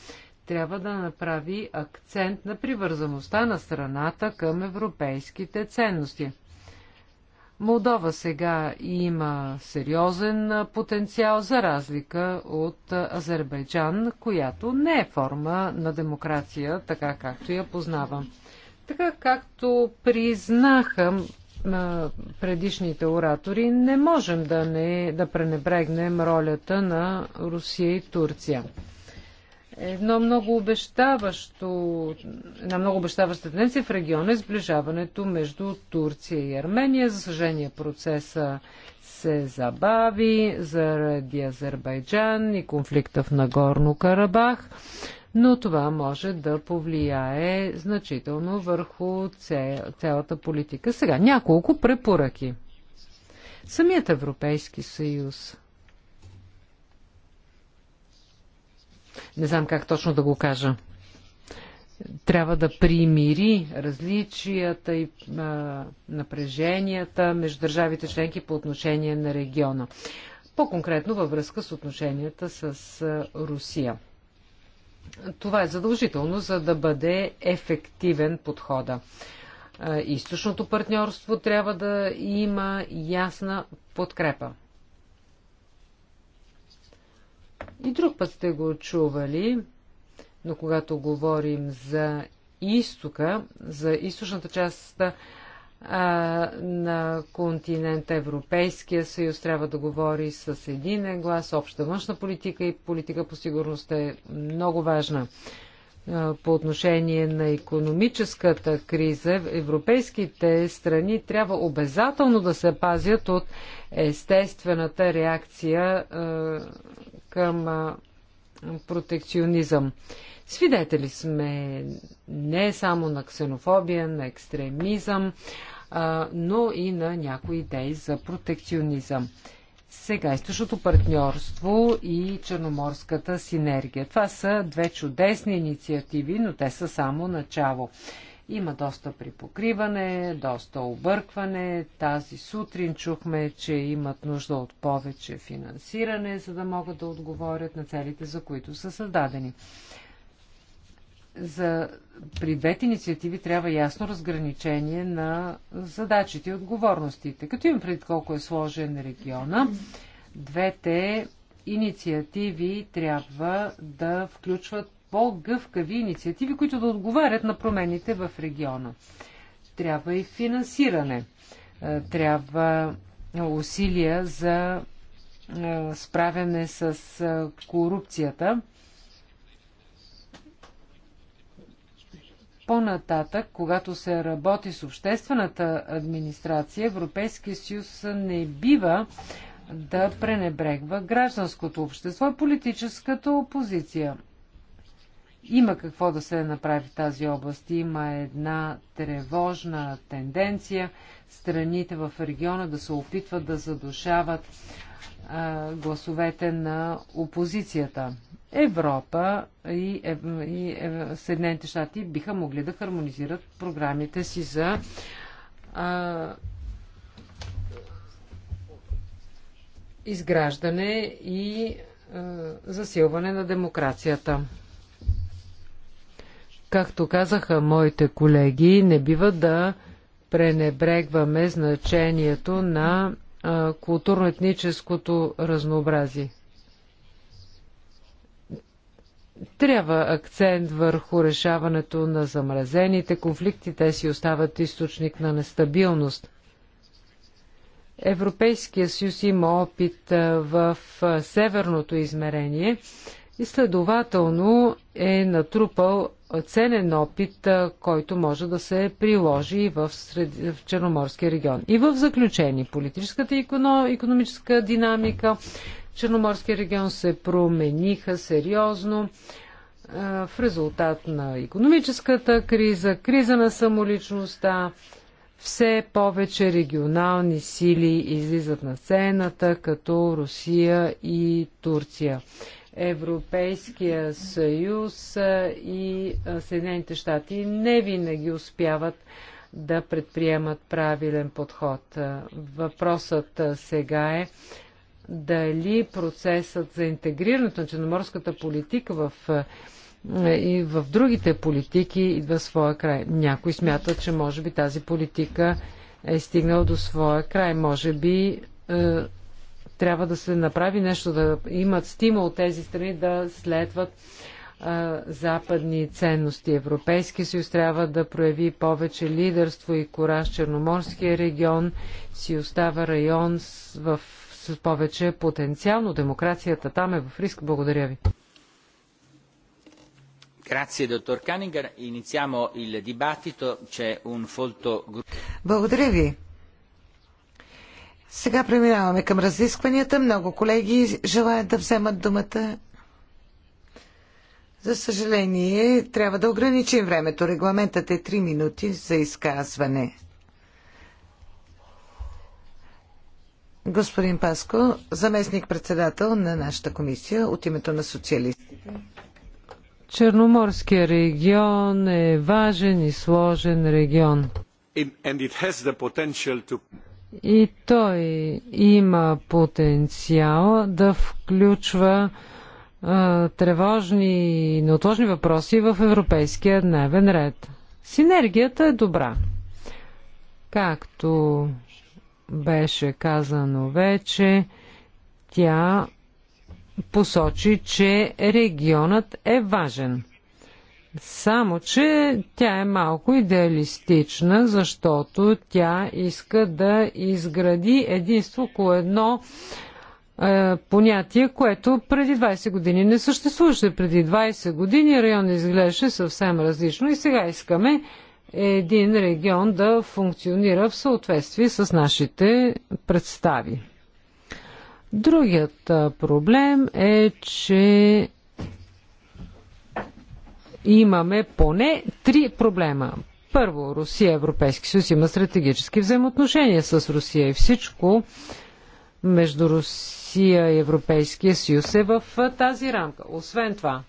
трябва да направи акцент на привързаността на страната към европейските ценности. Молдова сега има сериозен потенциал за разлика от Азербайджан, която не е форма на демокрация, така както я познавам. Така както признаха предишните оратори, не можем да, не, да пренебрегнем ролята на Русия и Турция. Едно много обещаващо, една много обещаваща тенденция в региона е сближаването между Турция и Армения. За съжаление процеса се забави заради Азербайджан и конфликта в Нагорно Карабах, но това може да повлияе значително върху цялата политика. Сега няколко препоръки. Самият Европейски съюз не знам как точно да го кажа, трябва да примири различията и а, напреженията между държавите членки по отношение на региона. По-конкретно във връзка с отношенията с а, Русия. Това е задължително, за да бъде ефективен подхода. А, източното партньорство трябва да има ясна подкрепа. И друг път сте го чували, но когато говорим за изтока, за източната част а, на континента Европейския съюз трябва да говори с един глас. Обща външна политика и политика по сигурност е много важна. По отношение на економическата криза, европейските страни трябва обязателно да се пазят от естествената реакция към протекционизъм. Свидетели сме не само на ксенофобия, на екстремизъм, но и на някои идеи за протекционизъм. Сега източното партньорство и черноморската синергия. Това са две чудесни инициативи, но те са само начало. Има доста припокриване, доста объркване. Тази сутрин чухме, че имат нужда от повече финансиране, за да могат да отговорят на целите, за които са създадени. За, при двете инициативи трябва ясно разграничение на задачите и отговорностите. Като имам пред колко е сложен региона, двете инициативи трябва да включват по-гъвкави инициативи, които да отговарят на промените в региона. Трябва и финансиране. Е, трябва усилия за е, справяне с е, корупцията. По-нататък, когато се работи с обществената администрация, Европейския съюз не бива да пренебрегва гражданското общество и политическата опозиция. Има какво да се направи в тази област. Има една тревожна тенденция страните в региона да се опитват да задушават а, гласовете на опозицията. Европа и, и, и Съединените щати биха могли да хармонизират програмите си за а, изграждане и а, засилване на демокрацията. Както казаха моите колеги, не бива да пренебрегваме значението на културно-етническото разнообразие. Трябва акцент върху решаването на замразените конфликти. Те си остават източник на нестабилност. Европейския съюз има опит в северното измерение и следователно е натрупал ценен опит, който може да се приложи в, сред... в Черноморския регион. И в заключение, политическата и економ... економическа динамика в Черноморския регион се промениха сериозно в резултат на економическата криза, криза на самоличността, все повече регионални сили излизат на сцената, като Русия и Турция. Европейския съюз и Съединените щати не винаги успяват да предприемат правилен подход. Въпросът сега е дали процесът за интегрирането на черноморската политика в, и в другите политики идва своя край. Някои смятат, че може би тази политика е стигнала до своя край. Може би трябва да се направи нещо, да имат стимул тези страни да следват западни ценности. Европейски съюз трябва да прояви повече лидерство и кораж. Черноморския регион си остава район с, в, с повече потенциално. Демокрацията там е в риск. Благодаря ви. Благодаря ви. Сега преминаваме към разискванията. Много колеги желаят да вземат думата. За съжаление, трябва да ограничим времето. Регламентът е 3 минути за изказване. Господин Паско, заместник-председател на нашата комисия от името на социалистите. Черноморския регион е важен и сложен регион и той има потенциал да включва а, тревожни и неотложни въпроси в европейския дневен ред. Синергията е добра. Както беше казано вече, тя посочи, че регионът е важен – само, че тя е малко идеалистична, защото тя иска да изгради единство по едно е, понятие, което преди 20 години не съществуваше. Преди 20 години район изглеждаше съвсем различно и сега искаме един регион да функционира в съответствие с нашите представи. Другият проблем е, че имаме поне три проблема. Първо, Русия и Европейски съюз има стратегически взаимоотношения с Русия и всичко между Русия и Европейския съюз е в тази рамка. Освен това,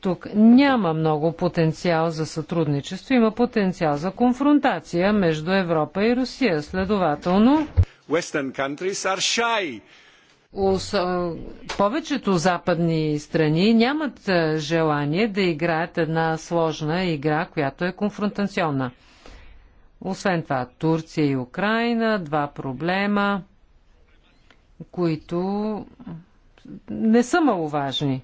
тук няма много потенциал за сътрудничество, има потенциал за конфронтация между Европа и Русия. Следователно, повечето западни страни нямат желание да играят една сложна игра, която е конфронтационна. Освен това, Турция и Украина, два проблема, които не са маловажни.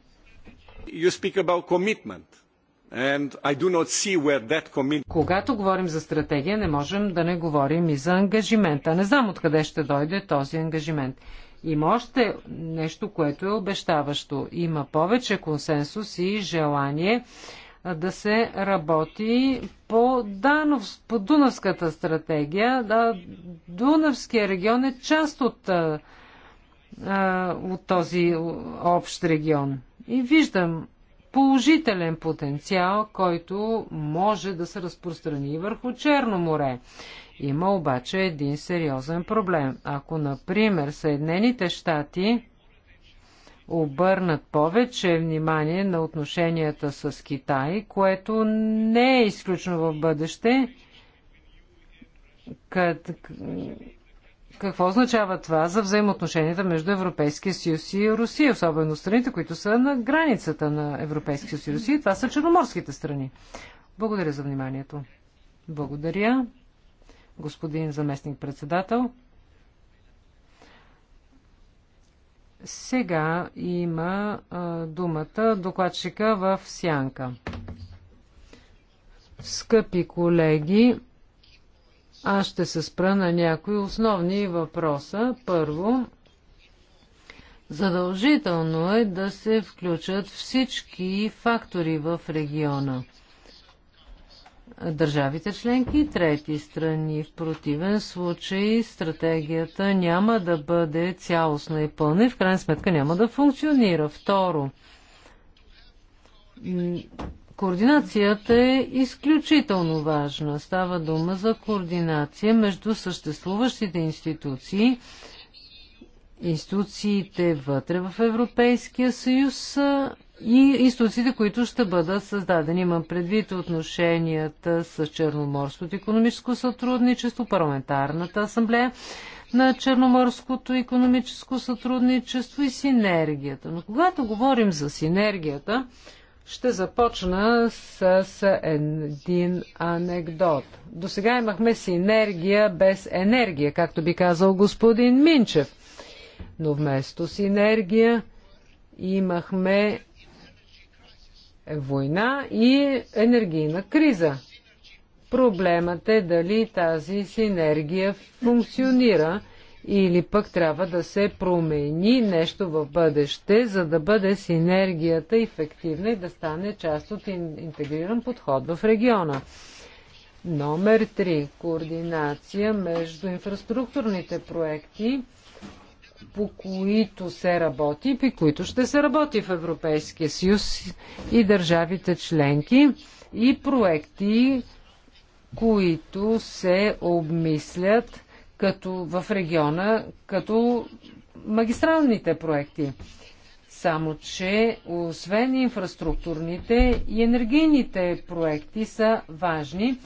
That... Когато говорим за стратегия, не можем да не говорим и за ангажимент. А не знам откъде ще дойде този ангажимент. Има още нещо, което е обещаващо. Има повече консенсус и желание да се работи по, Данов, по Дунавската стратегия. Да, Дунавския регион е част от, от този общ регион. И виждам положителен потенциал, който може да се разпространи върху Черно море. Има обаче един сериозен проблем. Ако, например, Съединените щати обърнат повече внимание на отношенията с Китай, което не е изключно в бъдеще, къд... какво означава това за взаимоотношенията между Европейския съюз и Русия, особено страните, които са на границата на Европейския съюз и Русия? Това са черноморските страни. Благодаря за вниманието. Благодаря господин заместник-председател. Сега има а, думата докладчика в сянка. Скъпи колеги, аз ще се спра на някои основни въпроса. Първо, задължително е да се включат всички фактори в региона държавите членки и трети страни. В противен случай стратегията няма да бъде цялостна и пълна и в крайна сметка няма да функционира. Второ, координацията е изключително важна. Става дума за координация между съществуващите институции, институциите вътре в Европейския съюз и институциите, които ще бъдат създадени. Имам предвид отношенията с Черноморското економическо сътрудничество, парламентарната асамблея на Черноморското економическо сътрудничество и синергията. Но когато говорим за синергията, ще започна с един анекдот. До сега имахме синергия без енергия, както би казал господин Минчев. Но вместо синергия имахме война и енергийна криза. Проблемът е дали тази синергия функционира или пък трябва да се промени нещо в бъдеще, за да бъде синергията ефективна и да стане част от интегриран подход в региона. Номер 3. Координация между инфраструктурните проекти по които се работи и по които ще се работи в Европейския съюз и държавите членки и проекти, които се обмислят като в региона като магистралните проекти. Само, че освен инфраструктурните и енергийните проекти са важни,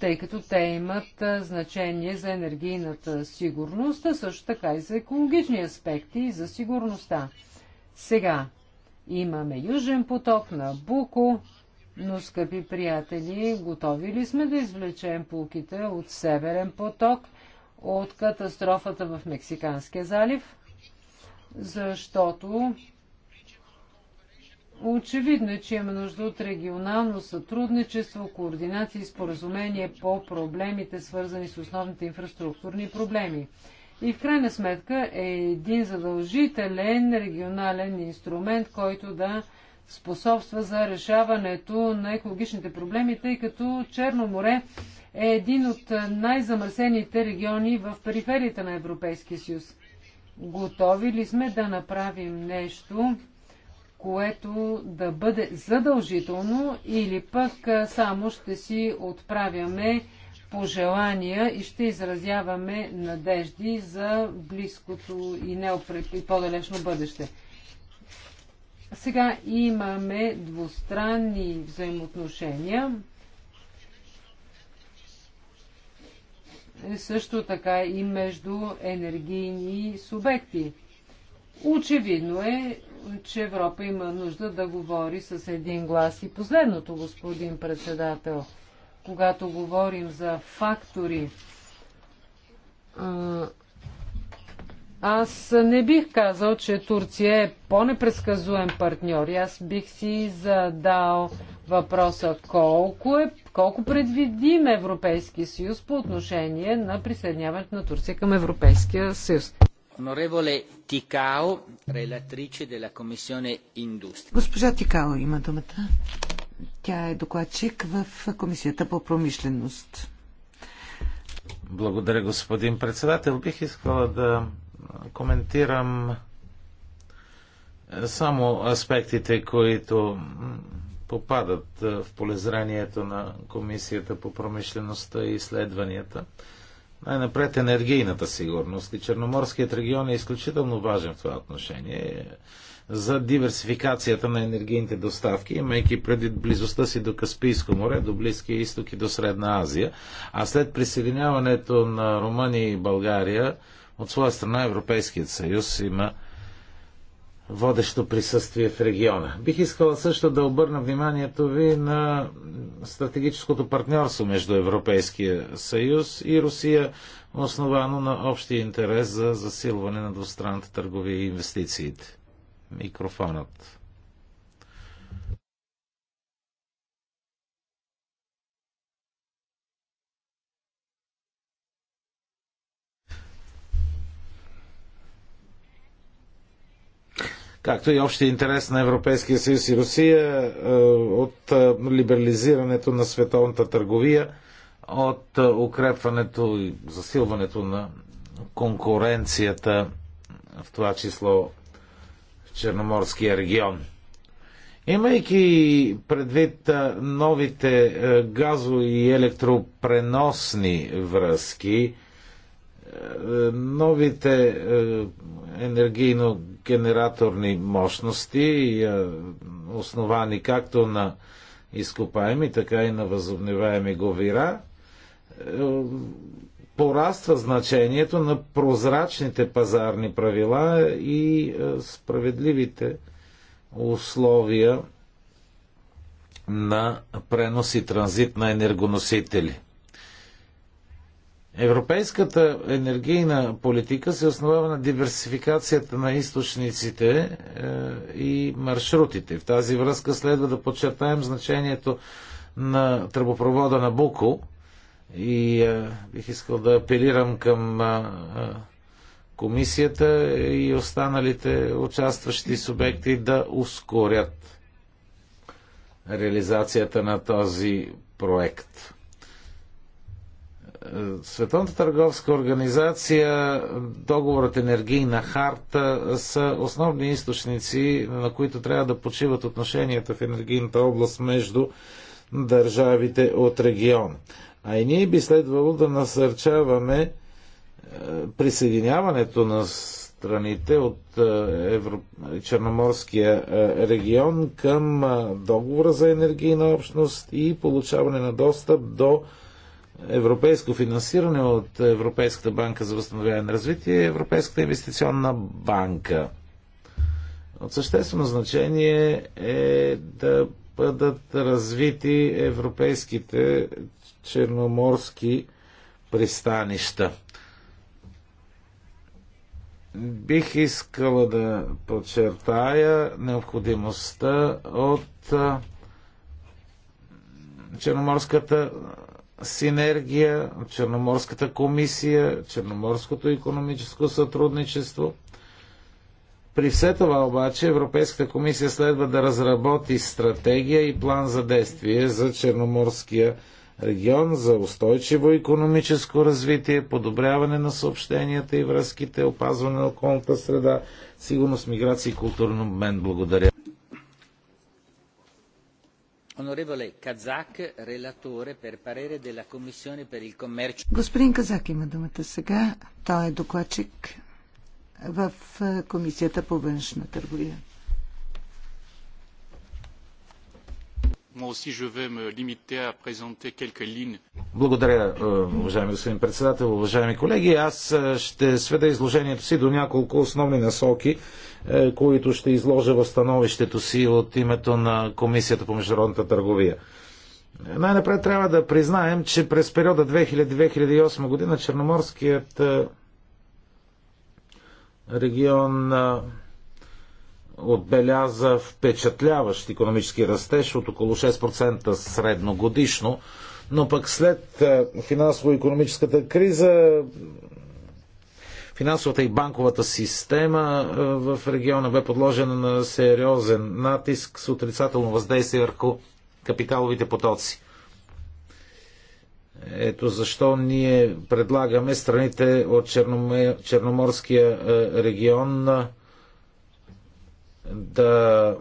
тъй като те имат значение за енергийната сигурност, а също така и за екологични аспекти и за сигурността. Сега имаме Южен поток на Буко, но, скъпи приятели, готови ли сме да извлечем полките от Северен поток, от катастрофата в Мексиканския залив? Защото Очевидно е, че има нужда от регионално сътрудничество, координация и споразумение по проблемите, свързани с основните инфраструктурни проблеми. И в крайна сметка е един задължителен регионален инструмент, който да способства за решаването на екологичните проблеми, тъй като Черно море е един от най-замърсените региони в периферията на Европейския съюз. Готови ли сме да направим нещо? което да бъде задължително или пък само ще си отправяме пожелания и ще изразяваме надежди за близкото и, и по-далечно бъдеще. Сега имаме двустранни взаимоотношения. Е, също така и между енергийни субекти. Очевидно е, че Европа има нужда да говори с един глас. И последното, господин председател, когато говорим за фактори, аз не бих казал, че Турция е по-непредсказуем партньор. И аз бих си задал въпроса колко, е, колко предвидим Европейски съюз по отношение на присъединяването на Турция към Европейския съюз. Onorevole Тикао, релатриче de Комисионе Индустрия. Госпожа Тикао има думата. Тя е докладчик в Комисията по промишленост. Благодаря, господин председател. Бих искала да коментирам само аспектите, които попадат в полезрението на Комисията по промишлеността и изследванията. Най-напред енергийната сигурност. И Черноморският регион е изключително важен в това отношение за диверсификацията на енергийните доставки, имайки преди близостта си до Каспийско море, до Близкия изток и до Средна Азия. А след присъединяването на Румъния и България, от своя страна Европейският съюз има водещо присъствие в региона. Бих искала също да обърна вниманието ви на стратегическото партньорство между Европейския съюз и Русия, основано на общия интерес за засилване на двустранната търговия и инвестициите. Микрофонът. както и общия интерес на Европейския съюз и Русия е, от е, либерализирането на световната търговия, от е, укрепването и засилването на конкуренцията, в това число в Черноморския регион. Имайки предвид новите газо- и електропреносни връзки, новите е, енергийно-генераторни мощности, е, основани както на изкопаеми, така и на възобновяеми говира, е, пораства значението на прозрачните пазарни правила и справедливите условия на пренос и транзит на енергоносители. Европейската енергийна политика се основава на диверсификацията на източниците е, и маршрутите. В тази връзка следва да подчертаем значението на тръбопровода на Буко и е, бих искал да апелирам към е, комисията и останалите участващи субекти да ускорят реализацията на този проект. Световната търговска организация, договорът енергийна харта са основни източници, на които трябва да почиват отношенията в енергийната област между държавите от регион. А и ние би следвало да насърчаваме е, присъединяването на страните от е, Евро... Черноморския е, регион към договора за енергийна общност и получаване на достъп до европейско финансиране от Европейската банка за възстановяване на развитие и Европейската инвестиционна банка. От съществено значение е да бъдат развити европейските черноморски пристанища. Бих искала да подчертая необходимостта от Черноморската синергия, Черноморската комисия, Черноморското економическо сътрудничество. При все това обаче Европейската комисия следва да разработи стратегия и план за действие за Черноморския регион за устойчиво економическо развитие, подобряване на съобщенията и връзките, опазване на околната среда, сигурност, миграция и културен обмен. Благодаря. Господин Казак има думата сега. Той е докладчик в е, Комисията по външна търговия. Благодаря, е, уважаеми господин председател, уважаеми колеги. Аз е, ще сведа изложението си до няколко основни насоки, е, които ще изложа в становището си от името на Комисията по международната търговия. Най-напред трябва да признаем, че през периода 2000-2008 година Черноморският е, регион е, отбеляза впечатляващ економически растеж от около 6% средногодишно, но пък след финансово-економическата криза Финансовата и банковата система в региона бе подложена на сериозен натиск с отрицателно въздействие върху капиталовите потоци. Ето защо ние предлагаме страните от Черноморския регион да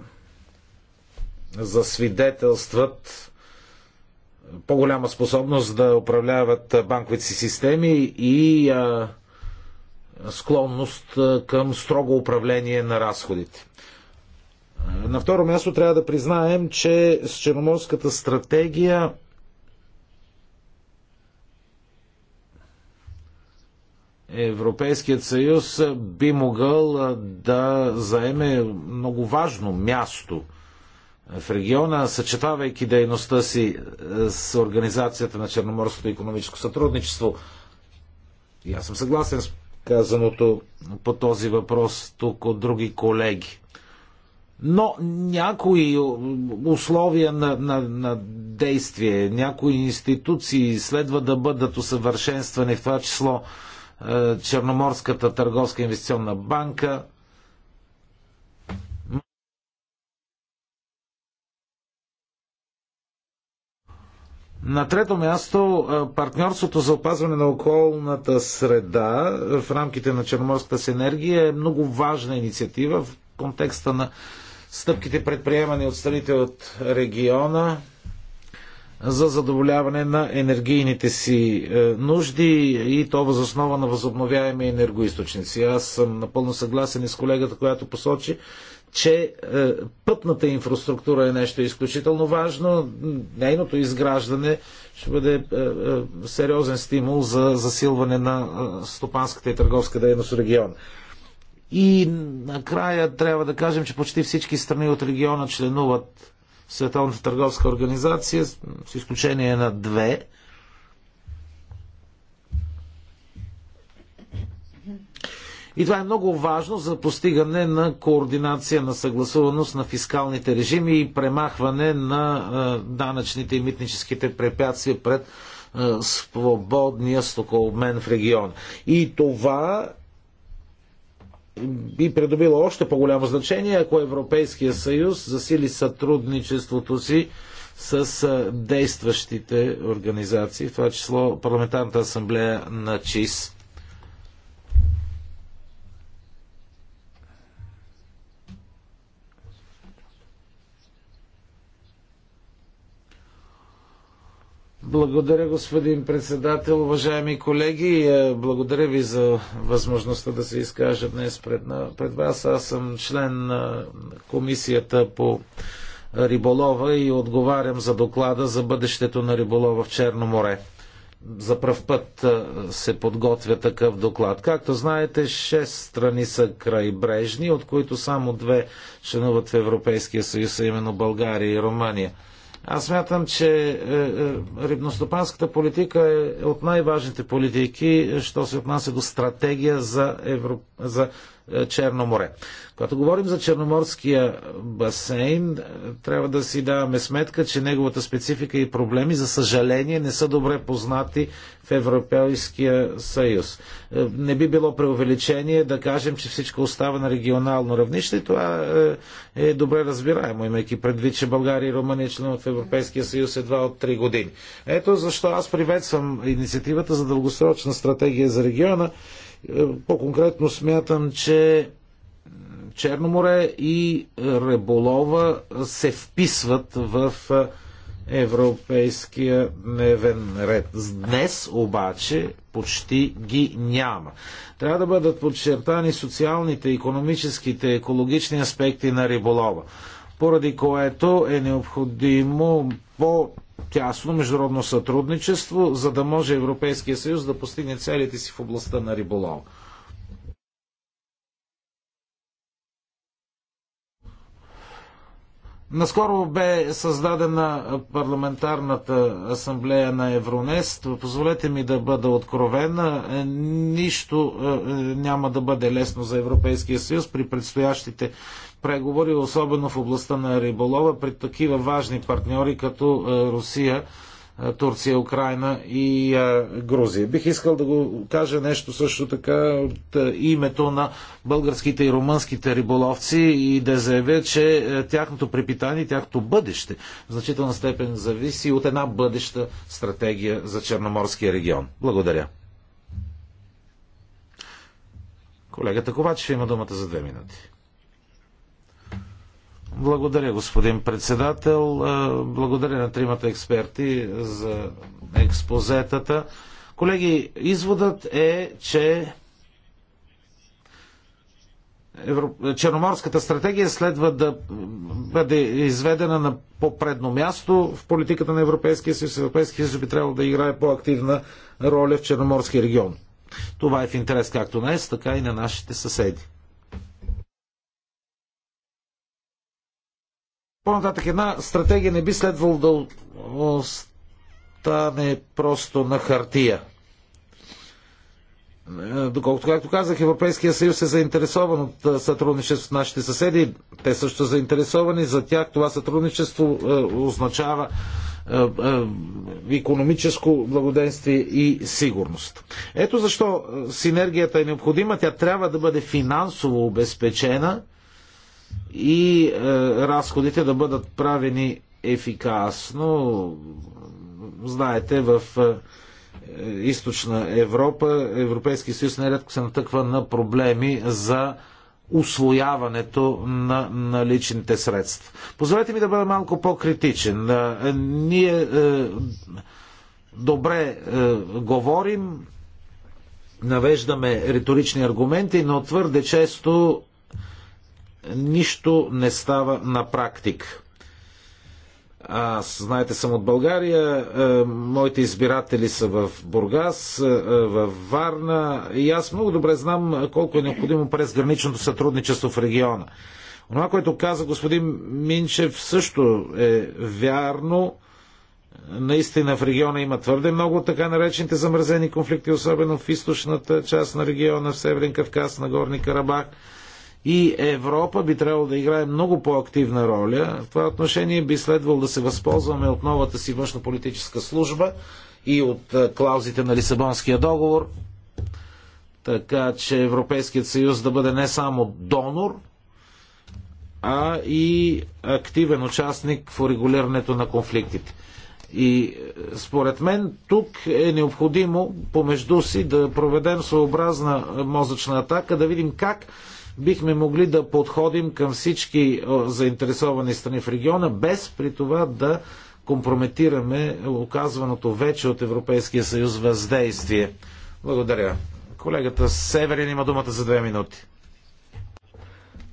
засвидетелстват по-голяма способност да управляват банковите си системи и а, склонност към строго управление на разходите. На второ място трябва да признаем, че с Черноморската стратегия Европейският съюз би могъл да заеме много важно място в региона, съчетавайки дейността си с Организацията на Черноморското економическо сътрудничество. И аз съм съгласен с казаното по този въпрос тук от други колеги. Но някои условия на, на, на действие, някои институции следва да бъдат усъвършенствани, в това число е, Черноморската търговска инвестиционна банка, На трето място, партньорството за опазване на околната среда в рамките на Черноморската синергия е много важна инициатива в контекста на стъпките предприемани от страните от региона за задоволяване на енергийните си е, нужди и то възоснова на възобновяеми енергоисточници. Аз съм напълно съгласен и с колегата, която посочи, че е, пътната инфраструктура е нещо изключително важно. Нейното изграждане ще бъде е, е, сериозен стимул за засилване на стопанската и търговска дейност в региона. И накрая трябва да кажем, че почти всички страни от региона членуват Световната търговска организация, с изключение на две – И това е много важно за постигане на координация на съгласуваност на фискалните режими и премахване на данъчните и митническите препятствия пред свободния стокообмен в регион. И това би придобило още по-голямо значение, ако Европейския съюз засили сътрудничеството си с действащите организации, в това число Парламентарната асамблея на ЧИС. Благодаря, господин председател. Уважаеми колеги, е, благодаря ви за възможността да се изкажа днес пред, пред вас. Аз съм член на комисията по риболова и отговарям за доклада за бъдещето на риболова в Черно море. За пръв път е, се подготвя такъв доклад. Както знаете, 6 страни са крайбрежни, от които само две членуват в Европейския съюз, а именно България и Румъния. Аз смятам, че е, е, рибностопанската политика е от най-важните политики, що се отнася до стратегия за, Европ... за е, Черно море. Когато говорим за Черноморския басейн, е, трябва да си даваме сметка, че неговата специфика и проблеми, за съжаление, не са добре познати в Европейския съюз. Е, не би било преувеличение да кажем, че всичко остава на регионално равнище. Това е добре разбираемо, имайки предвид, че България и Румъния член в Европейския съюз едва от 3 години. Ето защо аз приветствам инициативата за дългосрочна стратегия за региона по-конкретно смятам, че Черно море и риболова се вписват в европейския дневен ред. Днес обаче почти ги няма. Трябва да бъдат подчертани социалните, економическите, екологични аспекти на риболова, поради което е необходимо по тясно международно сътрудничество, за да може Европейския съюз да постигне целите си в областта на риболова. Наскоро бе създадена парламентарната асамблея на Евронест. Позволете ми да бъда откровена. Нищо е, няма да бъде лесно за Европейския съюз при предстоящите преговори, особено в областта на риболова, при такива важни партньори като е, Русия, е, Турция, Украина и е, Грузия. Бих искал да го кажа нещо също така от името на българските и румънските риболовци и да заявя, че тяхното препитание, тяхното бъдеще в значителна степен зависи от една бъдеща стратегия за Черноморския регион. Благодаря. Колегата Ковачев има думата за две минути. Благодаря, господин председател. Благодаря на тримата експерти за експозетата. Колеги, изводът е, че Евро... Черноморската стратегия следва да бъде изведена на по-предно място в политиката на Европейския съюз. Европейския съюз би трябвало да играе по-активна роля в Черноморския регион. Това е в интерес както на ЕС, така и на нашите съседи. По-нататък една стратегия не би следвало да остане просто на хартия. Е, доколкото, както казах, Европейския съюз е заинтересован от е, сътрудничество с нашите съседи. Те също са заинтересовани. За тях това сътрудничество е, означава економическо е, благоденствие и сигурност. Ето защо синергията е необходима. Тя трябва да бъде финансово обезпечена – и е, разходите да бъдат правени ефикасно. Знаете, в е, е източна Европа Европейския съюз нередко се натъква на проблеми за освояването на наличните средства. Позволете ми да бъда малко по-критичен. Е, ние е, добре е, говорим, навеждаме риторични аргументи, но твърде често нищо не става на практик. Аз, знаете, съм от България, е, моите избиратели са в Бургас, е, е, в Варна и аз много добре знам колко е необходимо през граничното сътрудничество в региона. Това, което каза господин Минчев, също е вярно. Наистина в региона има твърде много така наречените замразени конфликти, особено в източната част на региона, в Северен Кавказ, на Горни Карабах – и Европа би трябвало да играе много по-активна роля. В това отношение би следвало да се възползваме от новата си политическа служба и от клаузите на Лисабонския договор, така че Европейският съюз да бъде не само донор, а и активен участник в регулирането на конфликтите. И е, според мен тук е необходимо помежду си да проведем своеобразна е, мозъчна атака, да видим как бихме могли да подходим към всички заинтересовани страни в региона, без при това да компрометираме оказваното вече от Европейския съюз въздействие. Благодаря. Колегата Северин има думата за две минути.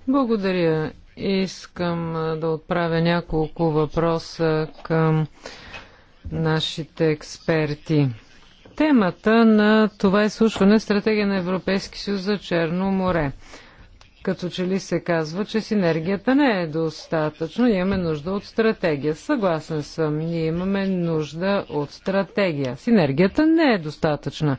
Благодаря. Искам да отправя няколко въпроса към нашите експерти. Темата на това изслушване е стратегия на Европейски съюз за Черно море като че ли се казва, че синергията не е достатъчно, имаме нужда от стратегия. Съгласен съм, ние имаме нужда от стратегия. Синергията не е достатъчна.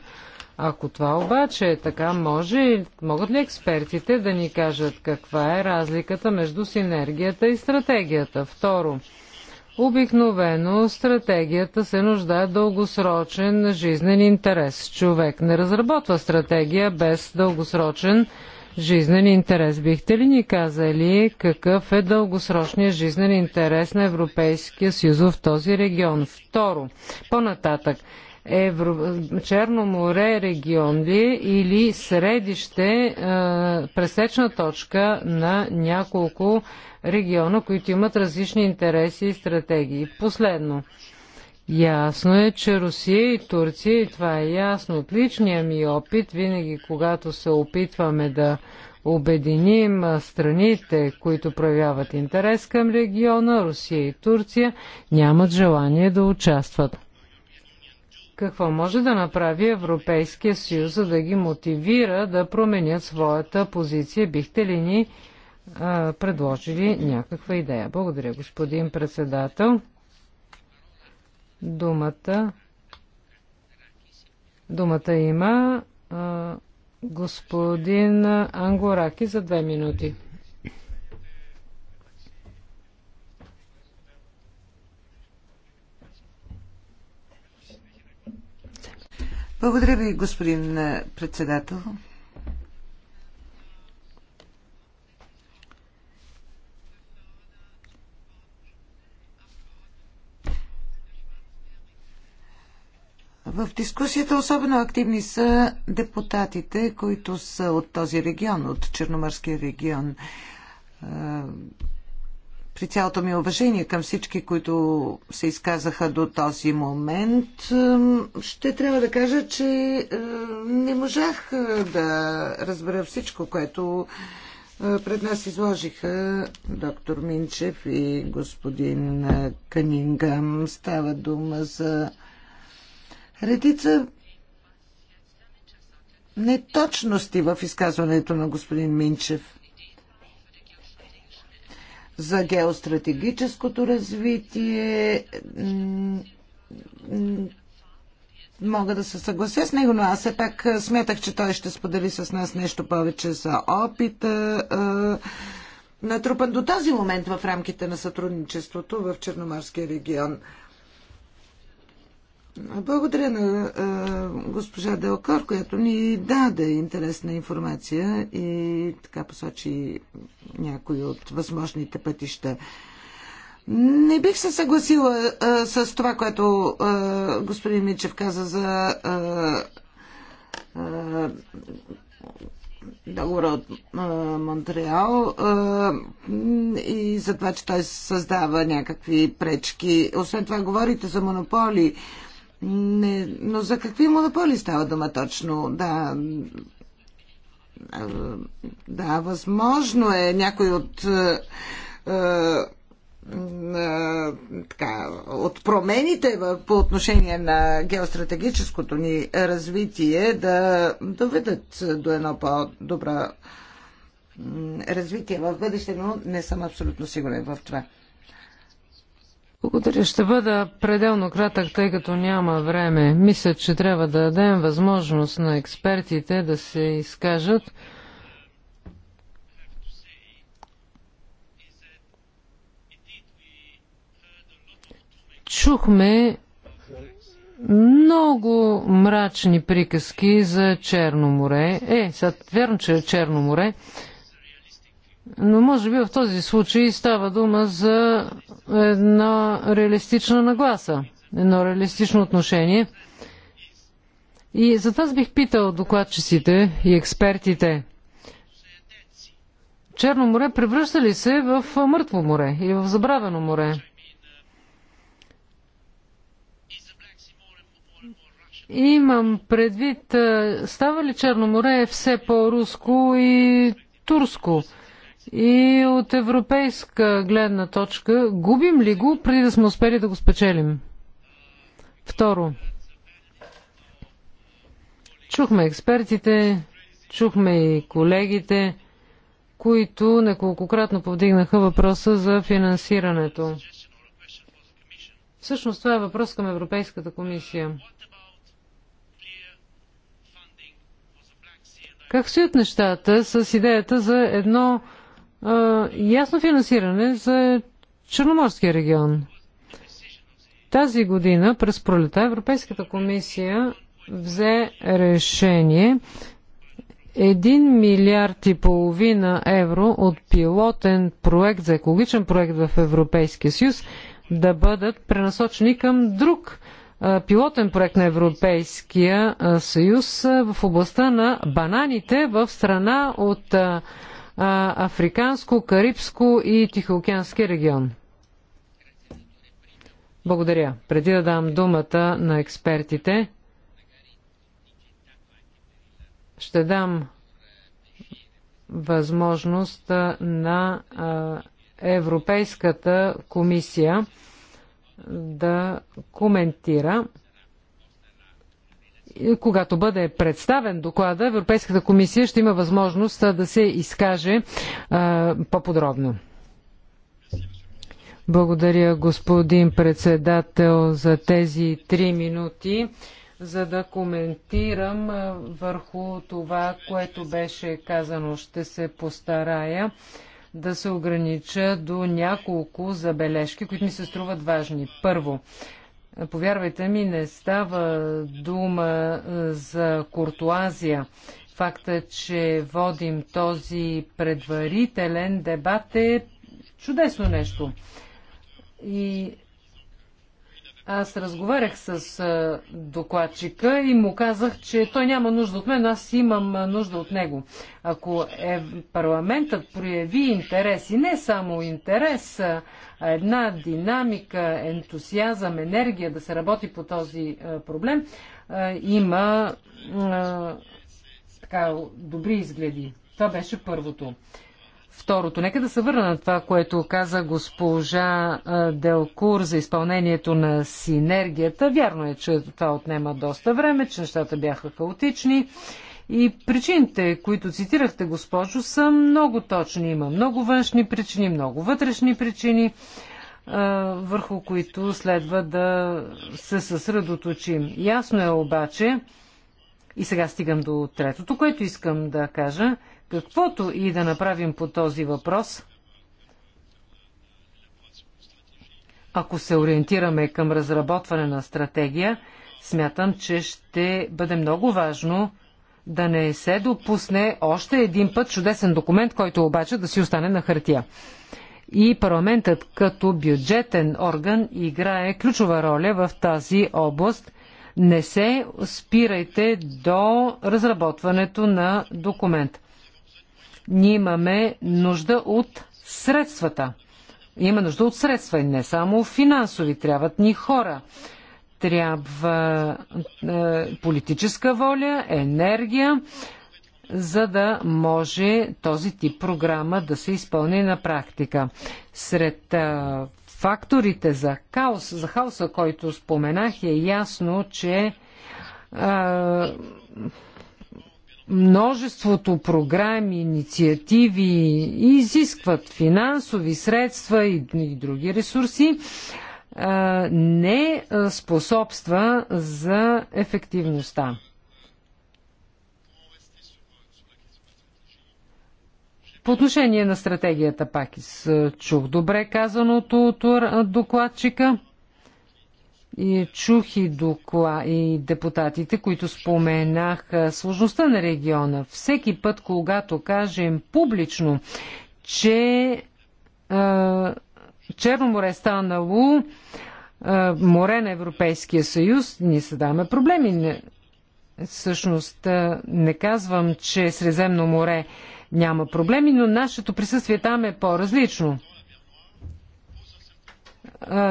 Ако това обаче е така, може, могат ли експертите да ни кажат каква е разликата между синергията и стратегията? Второ, Обикновено стратегията се нуждае дългосрочен жизнен интерес. Човек не разработва стратегия без дългосрочен интерес жизнен интерес. Бихте ли ни казали какъв е дългосрочният жизнен интерес на Европейския съюз в този регион? Второ, по-нататък. Евро... Черно море е регион ли или средище, е, пресечна точка на няколко региона, които имат различни интереси и стратегии. Последно, Ясно е, че Русия и Турция, и това е ясно от личния ми опит, винаги когато се опитваме да обединим страните, които проявяват интерес към региона, Русия и Турция, нямат желание да участват. Какво може да направи Европейския съюз, за да ги мотивира да променят своята позиция? Бихте ли ни а, предложили някаква идея? Благодаря, господин председател. Думата. Думата има а, господин Ангораки за две минути. Благодаря ви, господин председател. В дискусията особено активни са депутатите, които са от този регион, от Черноморския регион. Е, при цялото ми уважение към всички, които се изказаха до този момент, е, ще трябва да кажа, че е, не можах да разбера всичко, което пред нас изложиха доктор Минчев и господин Канингам. Става дума за редица неточности в изказването на господин Минчев за геостратегическото развитие. Мога да се съглася с него, но аз все пак смятах, че той ще сподели с нас нещо повече за опита, натрупан до този момент в рамките на сътрудничеството в Черноморския регион. Благодаря на а, госпожа Делкор, която ни даде интересна информация и така посочи някои от възможните пътища. Не бих се съгласила а, с това, което а, господин Мичев каза за а, а, договора от а, Монтреал а, и за това, че той създава някакви пречки. Освен това, говорите за монополи. А, не, но за какви монополи става дума точно? Да, да, възможно е някой от е, е, така, от промените в, по отношение на геостратегическото ни развитие да доведат до едно по-добро развитие в бъдеще, но не съм абсолютно сигурен в това. Благодаря. Ще бъда пределно кратък, тъй като няма време. Мисля, че трябва да дадем възможност на експертите да се изкажат. Чухме много мрачни приказки за Черно море. Е, сега, верно, че е Черно море. Но може би в този случай става дума за една реалистична нагласа, едно реалистично отношение. И за аз бих питал докладчиците и експертите. Черно море превръща ли се в мъртво море или в забравено море? Имам предвид, става ли Черно море все по-руско и турско? И от европейска гледна точка, губим ли го преди да сме успели да го спечелим? Второ, чухме експертите, чухме и колегите, които неколкократно повдигнаха въпроса за финансирането. Всъщност това е въпрос към Европейската комисия. Как стоят нещата с идеята за едно а, ясно финансиране за Черноморския регион. Тази година, през пролета, Европейската комисия взе решение 1 милиард и половина евро от пилотен проект за екологичен проект в Европейския съюз да бъдат пренасочени към друг пилотен проект на Европейския съюз в областта на бананите в страна от Африканско, Карибско и Тихоокеански регион. Благодаря. Преди да дам думата на експертите, ще дам възможност на Европейската комисия да коментира когато бъде представен доклада, Европейската комисия ще има възможност да се изкаже по-подробно. Благодаря, господин председател, за тези три минути, за да коментирам върху това, което беше казано. Ще се постарая да се огранича до няколко забележки, които ми се струват важни. Първо, Повярвайте ми, не става дума е, за куртуазия. Факта, че водим този предварителен дебат е чудесно нещо. И аз разговарях с докладчика и му казах, че той няма нужда от мен, аз имам нужда от него. Ако е, парламентът прояви интерес и не само интерес, а една динамика, ентусиазъм, енергия да се работи по този проблем, има така, добри изгледи. Това беше първото. Второто, нека да се върна на това, което каза госпожа Делкур за изпълнението на синергията. Вярно е, че това отнема доста време, че нещата бяха хаотични. И причините, които цитирахте, госпожо, са много точни. Има много външни причини, много вътрешни причини, върху които следва да се съсредоточим. Ясно е обаче, и сега стигам до третото, което искам да кажа. Каквото и да направим по този въпрос, ако се ориентираме към разработване на стратегия, смятам, че ще бъде много важно да не се допусне още един път чудесен документ, който обаче да си остане на хартия. И парламентът като бюджетен орган играе ключова роля в тази област не се спирайте до разработването на документ. Ние имаме нужда от средствата. Има нужда от средства и не само финансови. Трябват ни хора. Трябва е, политическа воля, енергия, за да може този тип програма да се изпълни на практика. Сред е, факторите за хаос, за хаоса, който споменах, е ясно, че а, множеството програми, инициативи изискват финансови средства и, и други ресурси, а, не способства за ефективността. По отношение на стратегията Пакис, чух добре казаното от докладчика. И чух и, докла, и депутатите, които споменаха сложността на региона. Всеки път, когато кажем публично, че е, Черно море е станало е, море на Европейския съюз, ние създаваме проблеми. Не, всъщност не казвам, че Средземно море няма проблеми, но нашето присъствие там е по-различно.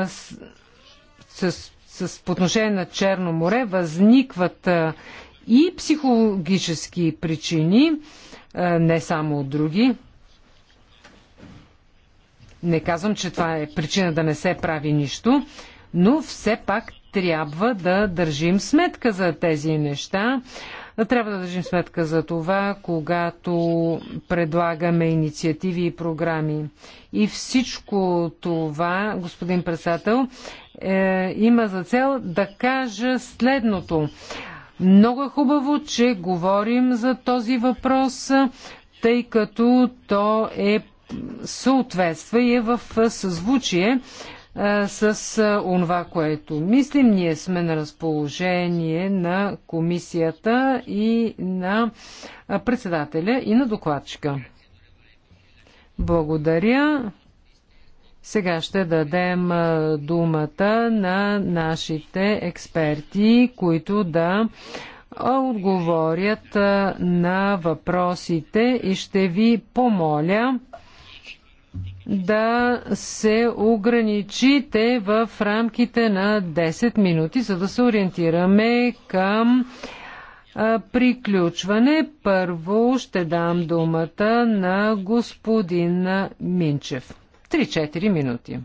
С, с, с, подношение отношение на Черно море възникват и психологически причини, не само от други. Не казвам, че това е причина да не се прави нищо, но все пак трябва да държим сметка за тези неща. Трябва да държим сметка за това, когато предлагаме инициативи и програми. И всичко това, господин председател, е, има за цел да кажа следното. Много е хубаво, че говорим за този въпрос, тъй като то е съответства и е в съзвучие е, с е, онова, което мислим. Ние сме на разположение на комисията и на е, председателя и на докладчика. Благодаря. Сега ще дадем думата на нашите експерти, които да отговорят на въпросите и ще ви помоля да се ограничите в рамките на 10 минути, за да се ориентираме към приключване. Първо ще дам думата на господин Минчев. 3-4 минути.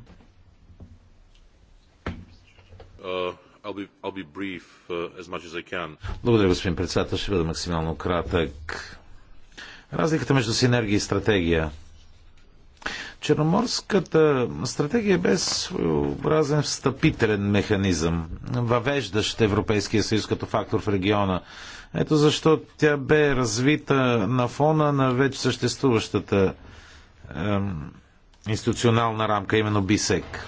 Uh, uh, Благодаря, господин председател. Ще бъда максимално кратък. Разликата между синергия и стратегия – Черноморската стратегия бе своеобразен встъпителен механизъм, въвеждащ Европейския съюз като фактор в региона. Ето защо тя бе развита на фона на вече съществуващата е, институционална рамка, именно БИСЕК.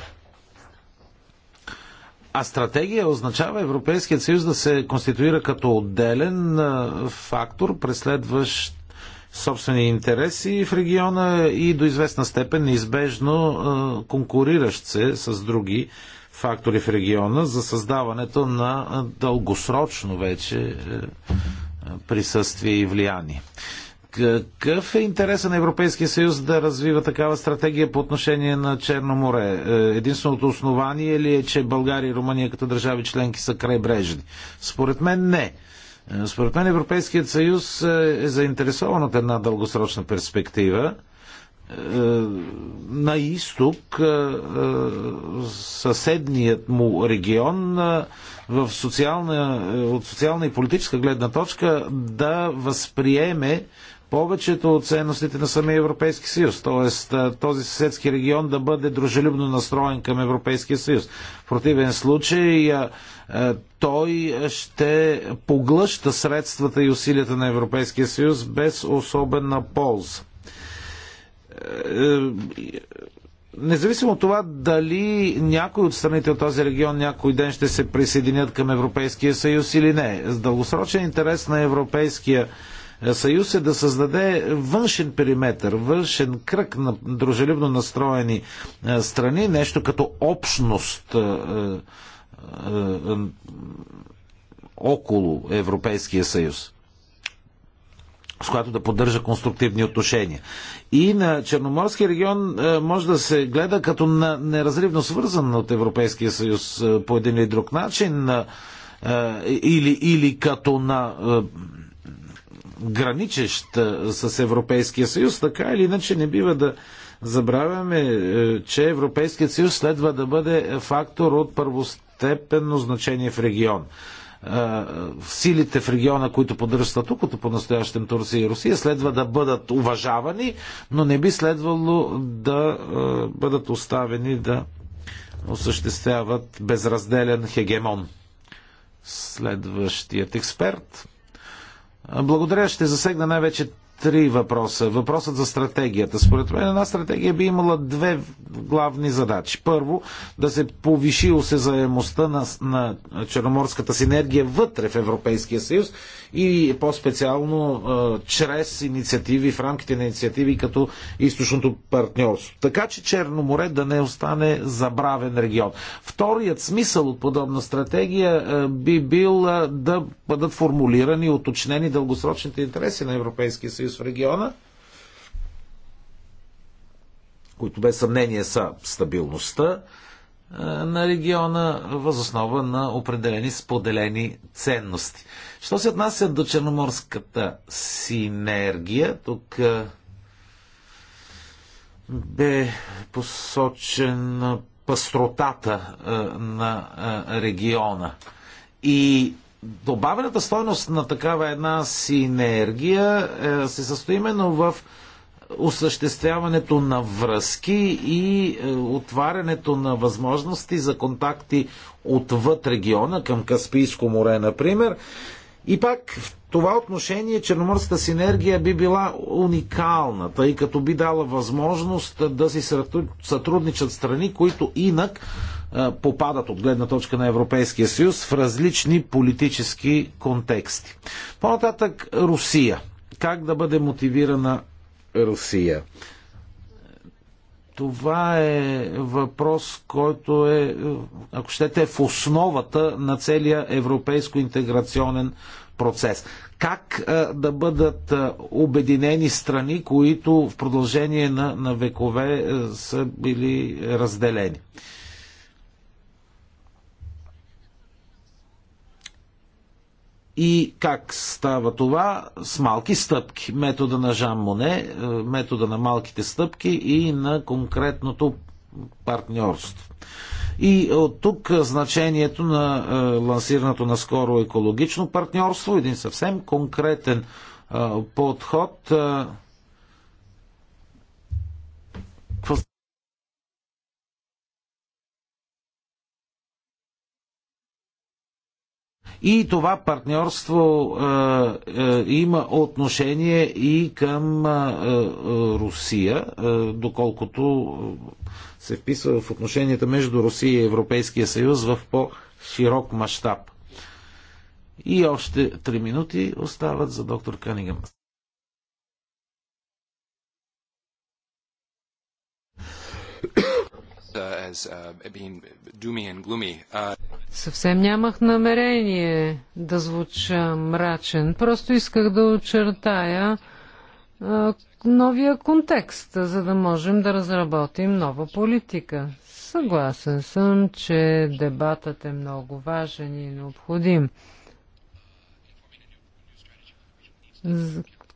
А стратегия означава Европейският съюз да се конституира като отделен е, фактор, преследващ собствени интереси в региона и до известна степен неизбежно конкуриращ се с други фактори в региона за създаването на дългосрочно вече е, присъствие и влияние. Какъв е интереса на Европейския съюз да развива такава стратегия по отношение на Черно море? Е, единственото основание ли е, че България и Румъния като държави членки са крайбрежни? Според мен не. Е, според мен Европейският съюз е, е заинтересован от една дългосрочна перспектива е, на изток съседният му регион в социална, от социална и политическа гледна точка да възприеме повечето от ценностите на самия Европейски съюз, Тоест този съседски регион да бъде дружелюбно настроен към Европейския съюз. В противен случай той ще поглъща средствата и усилията на Европейския съюз без особена полза е, е, независимо от това дали някой от страните от този регион някой ден ще се присъединят към Европейския съюз или не. С дългосрочен интерес на Европейския съюз съюз е да създаде външен периметр, външен кръг на дружелюбно настроени е, страни, нещо като общност е, е, около Европейския съюз с която да поддържа конструктивни отношения. И на Черноморския регион може да се гледа като на неразривно свързан от Европейския съюз по един или друг начин или, или като на граничещ с Европейския съюз, така или иначе не бива да забравяме, е, че Европейският съюз следва да бъде фактор от първостепенно значение в регион. Е, силите в региона, които поддържат статукото по настоящем Турция и Русия, следва да бъдат уважавани, но не би следвало да е, бъдат оставени да осъществяват безразделен хегемон. Следващият експерт. Благодаря. Ще засегна най-вече три въпроса. Въпросът за стратегията. Според мен една стратегия би имала две главни задачи. Първо, да се повиши осезаемостта на, на черноморската синергия вътре в Европейския съюз и по-специално чрез инициативи, в рамките на инициативи като източното партньорство. Така че Черно море да не остане забравен регион. Вторият смисъл от подобна стратегия би бил да бъдат формулирани и уточнени дългосрочните интереси на Европейския съюз в региона които без съмнение са стабилността, е, на региона възоснова на определени споделени ценности. Що се отнася до черноморската синергия, тук е, бе посочен пастротата е, на региона. И добавената стойност на такава една синергия се състои именно в осъществяването на връзки и е, отварянето на възможности за контакти отвъд региона, към Каспийско море, например. И пак в това отношение черноморската синергия би била уникална, тъй като би дала възможност да си сътрудничат страни, които инак е, попадат от гледна точка на Европейския съюз в различни политически контексти. По-нататък Русия. Как да бъде мотивирана Русия. Това е въпрос, който е, ако щете, в основата на целия европейско-интеграционен процес. Как а, е, да бъдат а, е, обединени страни, които в продължение на, на векове а, е, са били разделени? А, И как става това? С малки стъпки. Метода на Жан Моне, е, метода на малките стъпки и на конкретното партньорство. И от тук значението на е, лансирането на скоро екологично партньорство, един съвсем конкретен е, подход. Е, И това партньорство е, е, има отношение и към е, Русия, доколкото се вписва в отношенията между Русия и Европейския съюз в по-широк мащаб. И още три минути остават за доктор Канигам. Uh, uh, Съвсем нямах намерение да звуча мрачен. Просто исках да очертая новия контекст, за да можем да разработим нова политика. Съгласен съм, че дебатът е много важен и необходим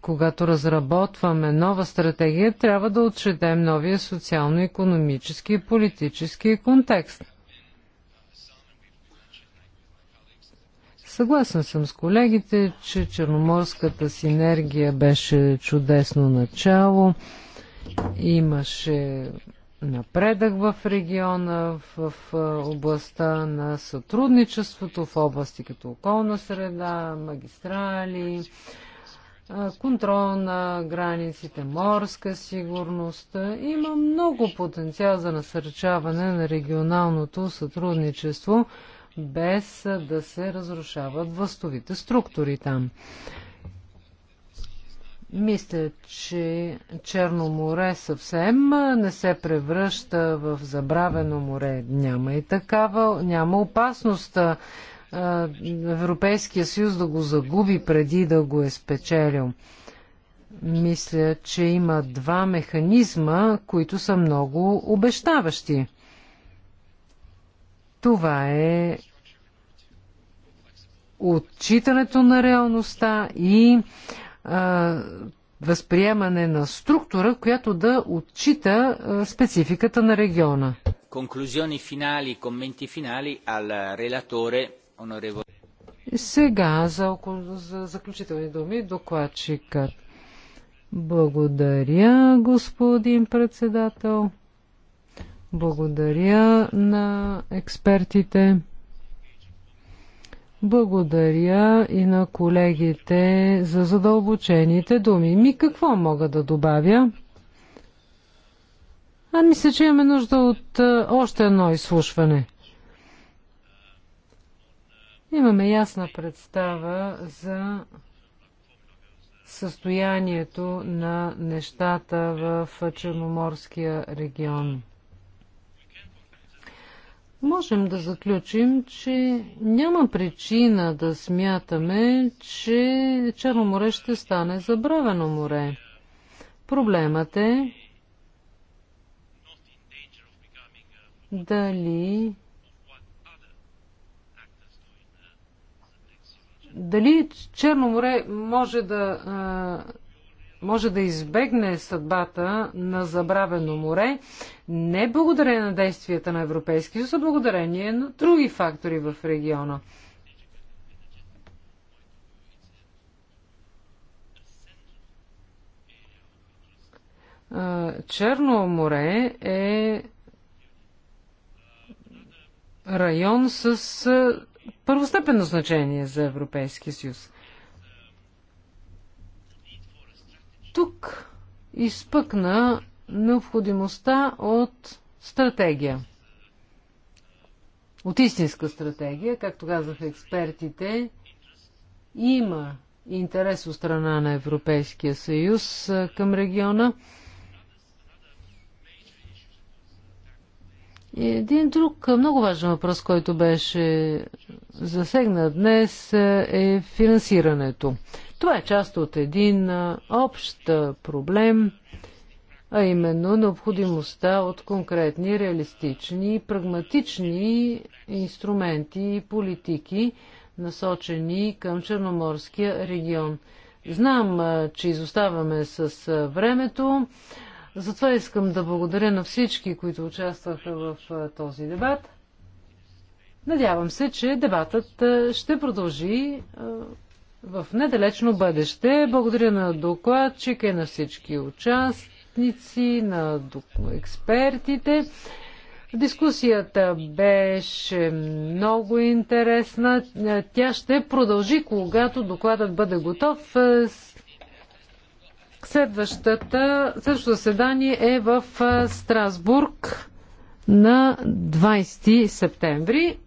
когато разработваме нова стратегия, трябва да отчетем новия социално-економически и политически контекст. Съгласен съм с колегите, че черноморската синергия беше чудесно начало. Имаше напредък в региона, в, в областта на сътрудничеството, в области като околна среда, магистрали, контрол на границите, морска сигурност. Има много потенциал за насърчаване на регионалното сътрудничество, без да се разрушават властовите структури там. Мисля, че Черно море съвсем не се превръща в забравено море. Няма и такава, няма опасност Европейския съюз да го загуби преди да го е спечелил. Мисля, че има два механизма, които са много обещаващи. Това е отчитането на реалността и а, възприемане на структура, която да отчита а, спецификата на региона. Конклюзиони финали, коменти финали ал релаторе сега за, около, за заключителни думи докладчикът. Благодаря, господин председател. Благодаря на експертите. Благодаря и на колегите за задълбочените думи. Ми какво мога да добавя? А мисля, че имаме нужда от още едно изслушване – Имаме ясна представа за състоянието на нещата в Черноморския регион. Можем да заключим, че няма причина да смятаме, че Черно море ще стане забравено море. Проблемът е дали Дали Черно море може да, може да избегне съдбата на забравено море не благодарение на действията на Европейския съюз, а благодарение на други фактори в региона. Черно море е район с първостепенно значение за Европейския съюз. Тук изпъкна необходимостта от стратегия. От истинска стратегия, както казаха експертите, има интерес от страна на Европейския съюз към региона. Един друг много важен въпрос, който беше засегнат днес е финансирането. Това е част от един общ проблем, а именно необходимостта от конкретни, реалистични, прагматични инструменти и политики, насочени към Черноморския регион. Знам, че изоставаме с времето. Затова искам да благодаря на всички, които участваха в този дебат. Надявам се, че дебатът ще продължи в недалечно бъдеще. Благодаря на докладчика и на всички участници, на експертите. Дискусията беше много интересна. Тя ще продължи, когато докладът бъде готов. Следващата, следващото заседание е в Страсбург на 20 септември.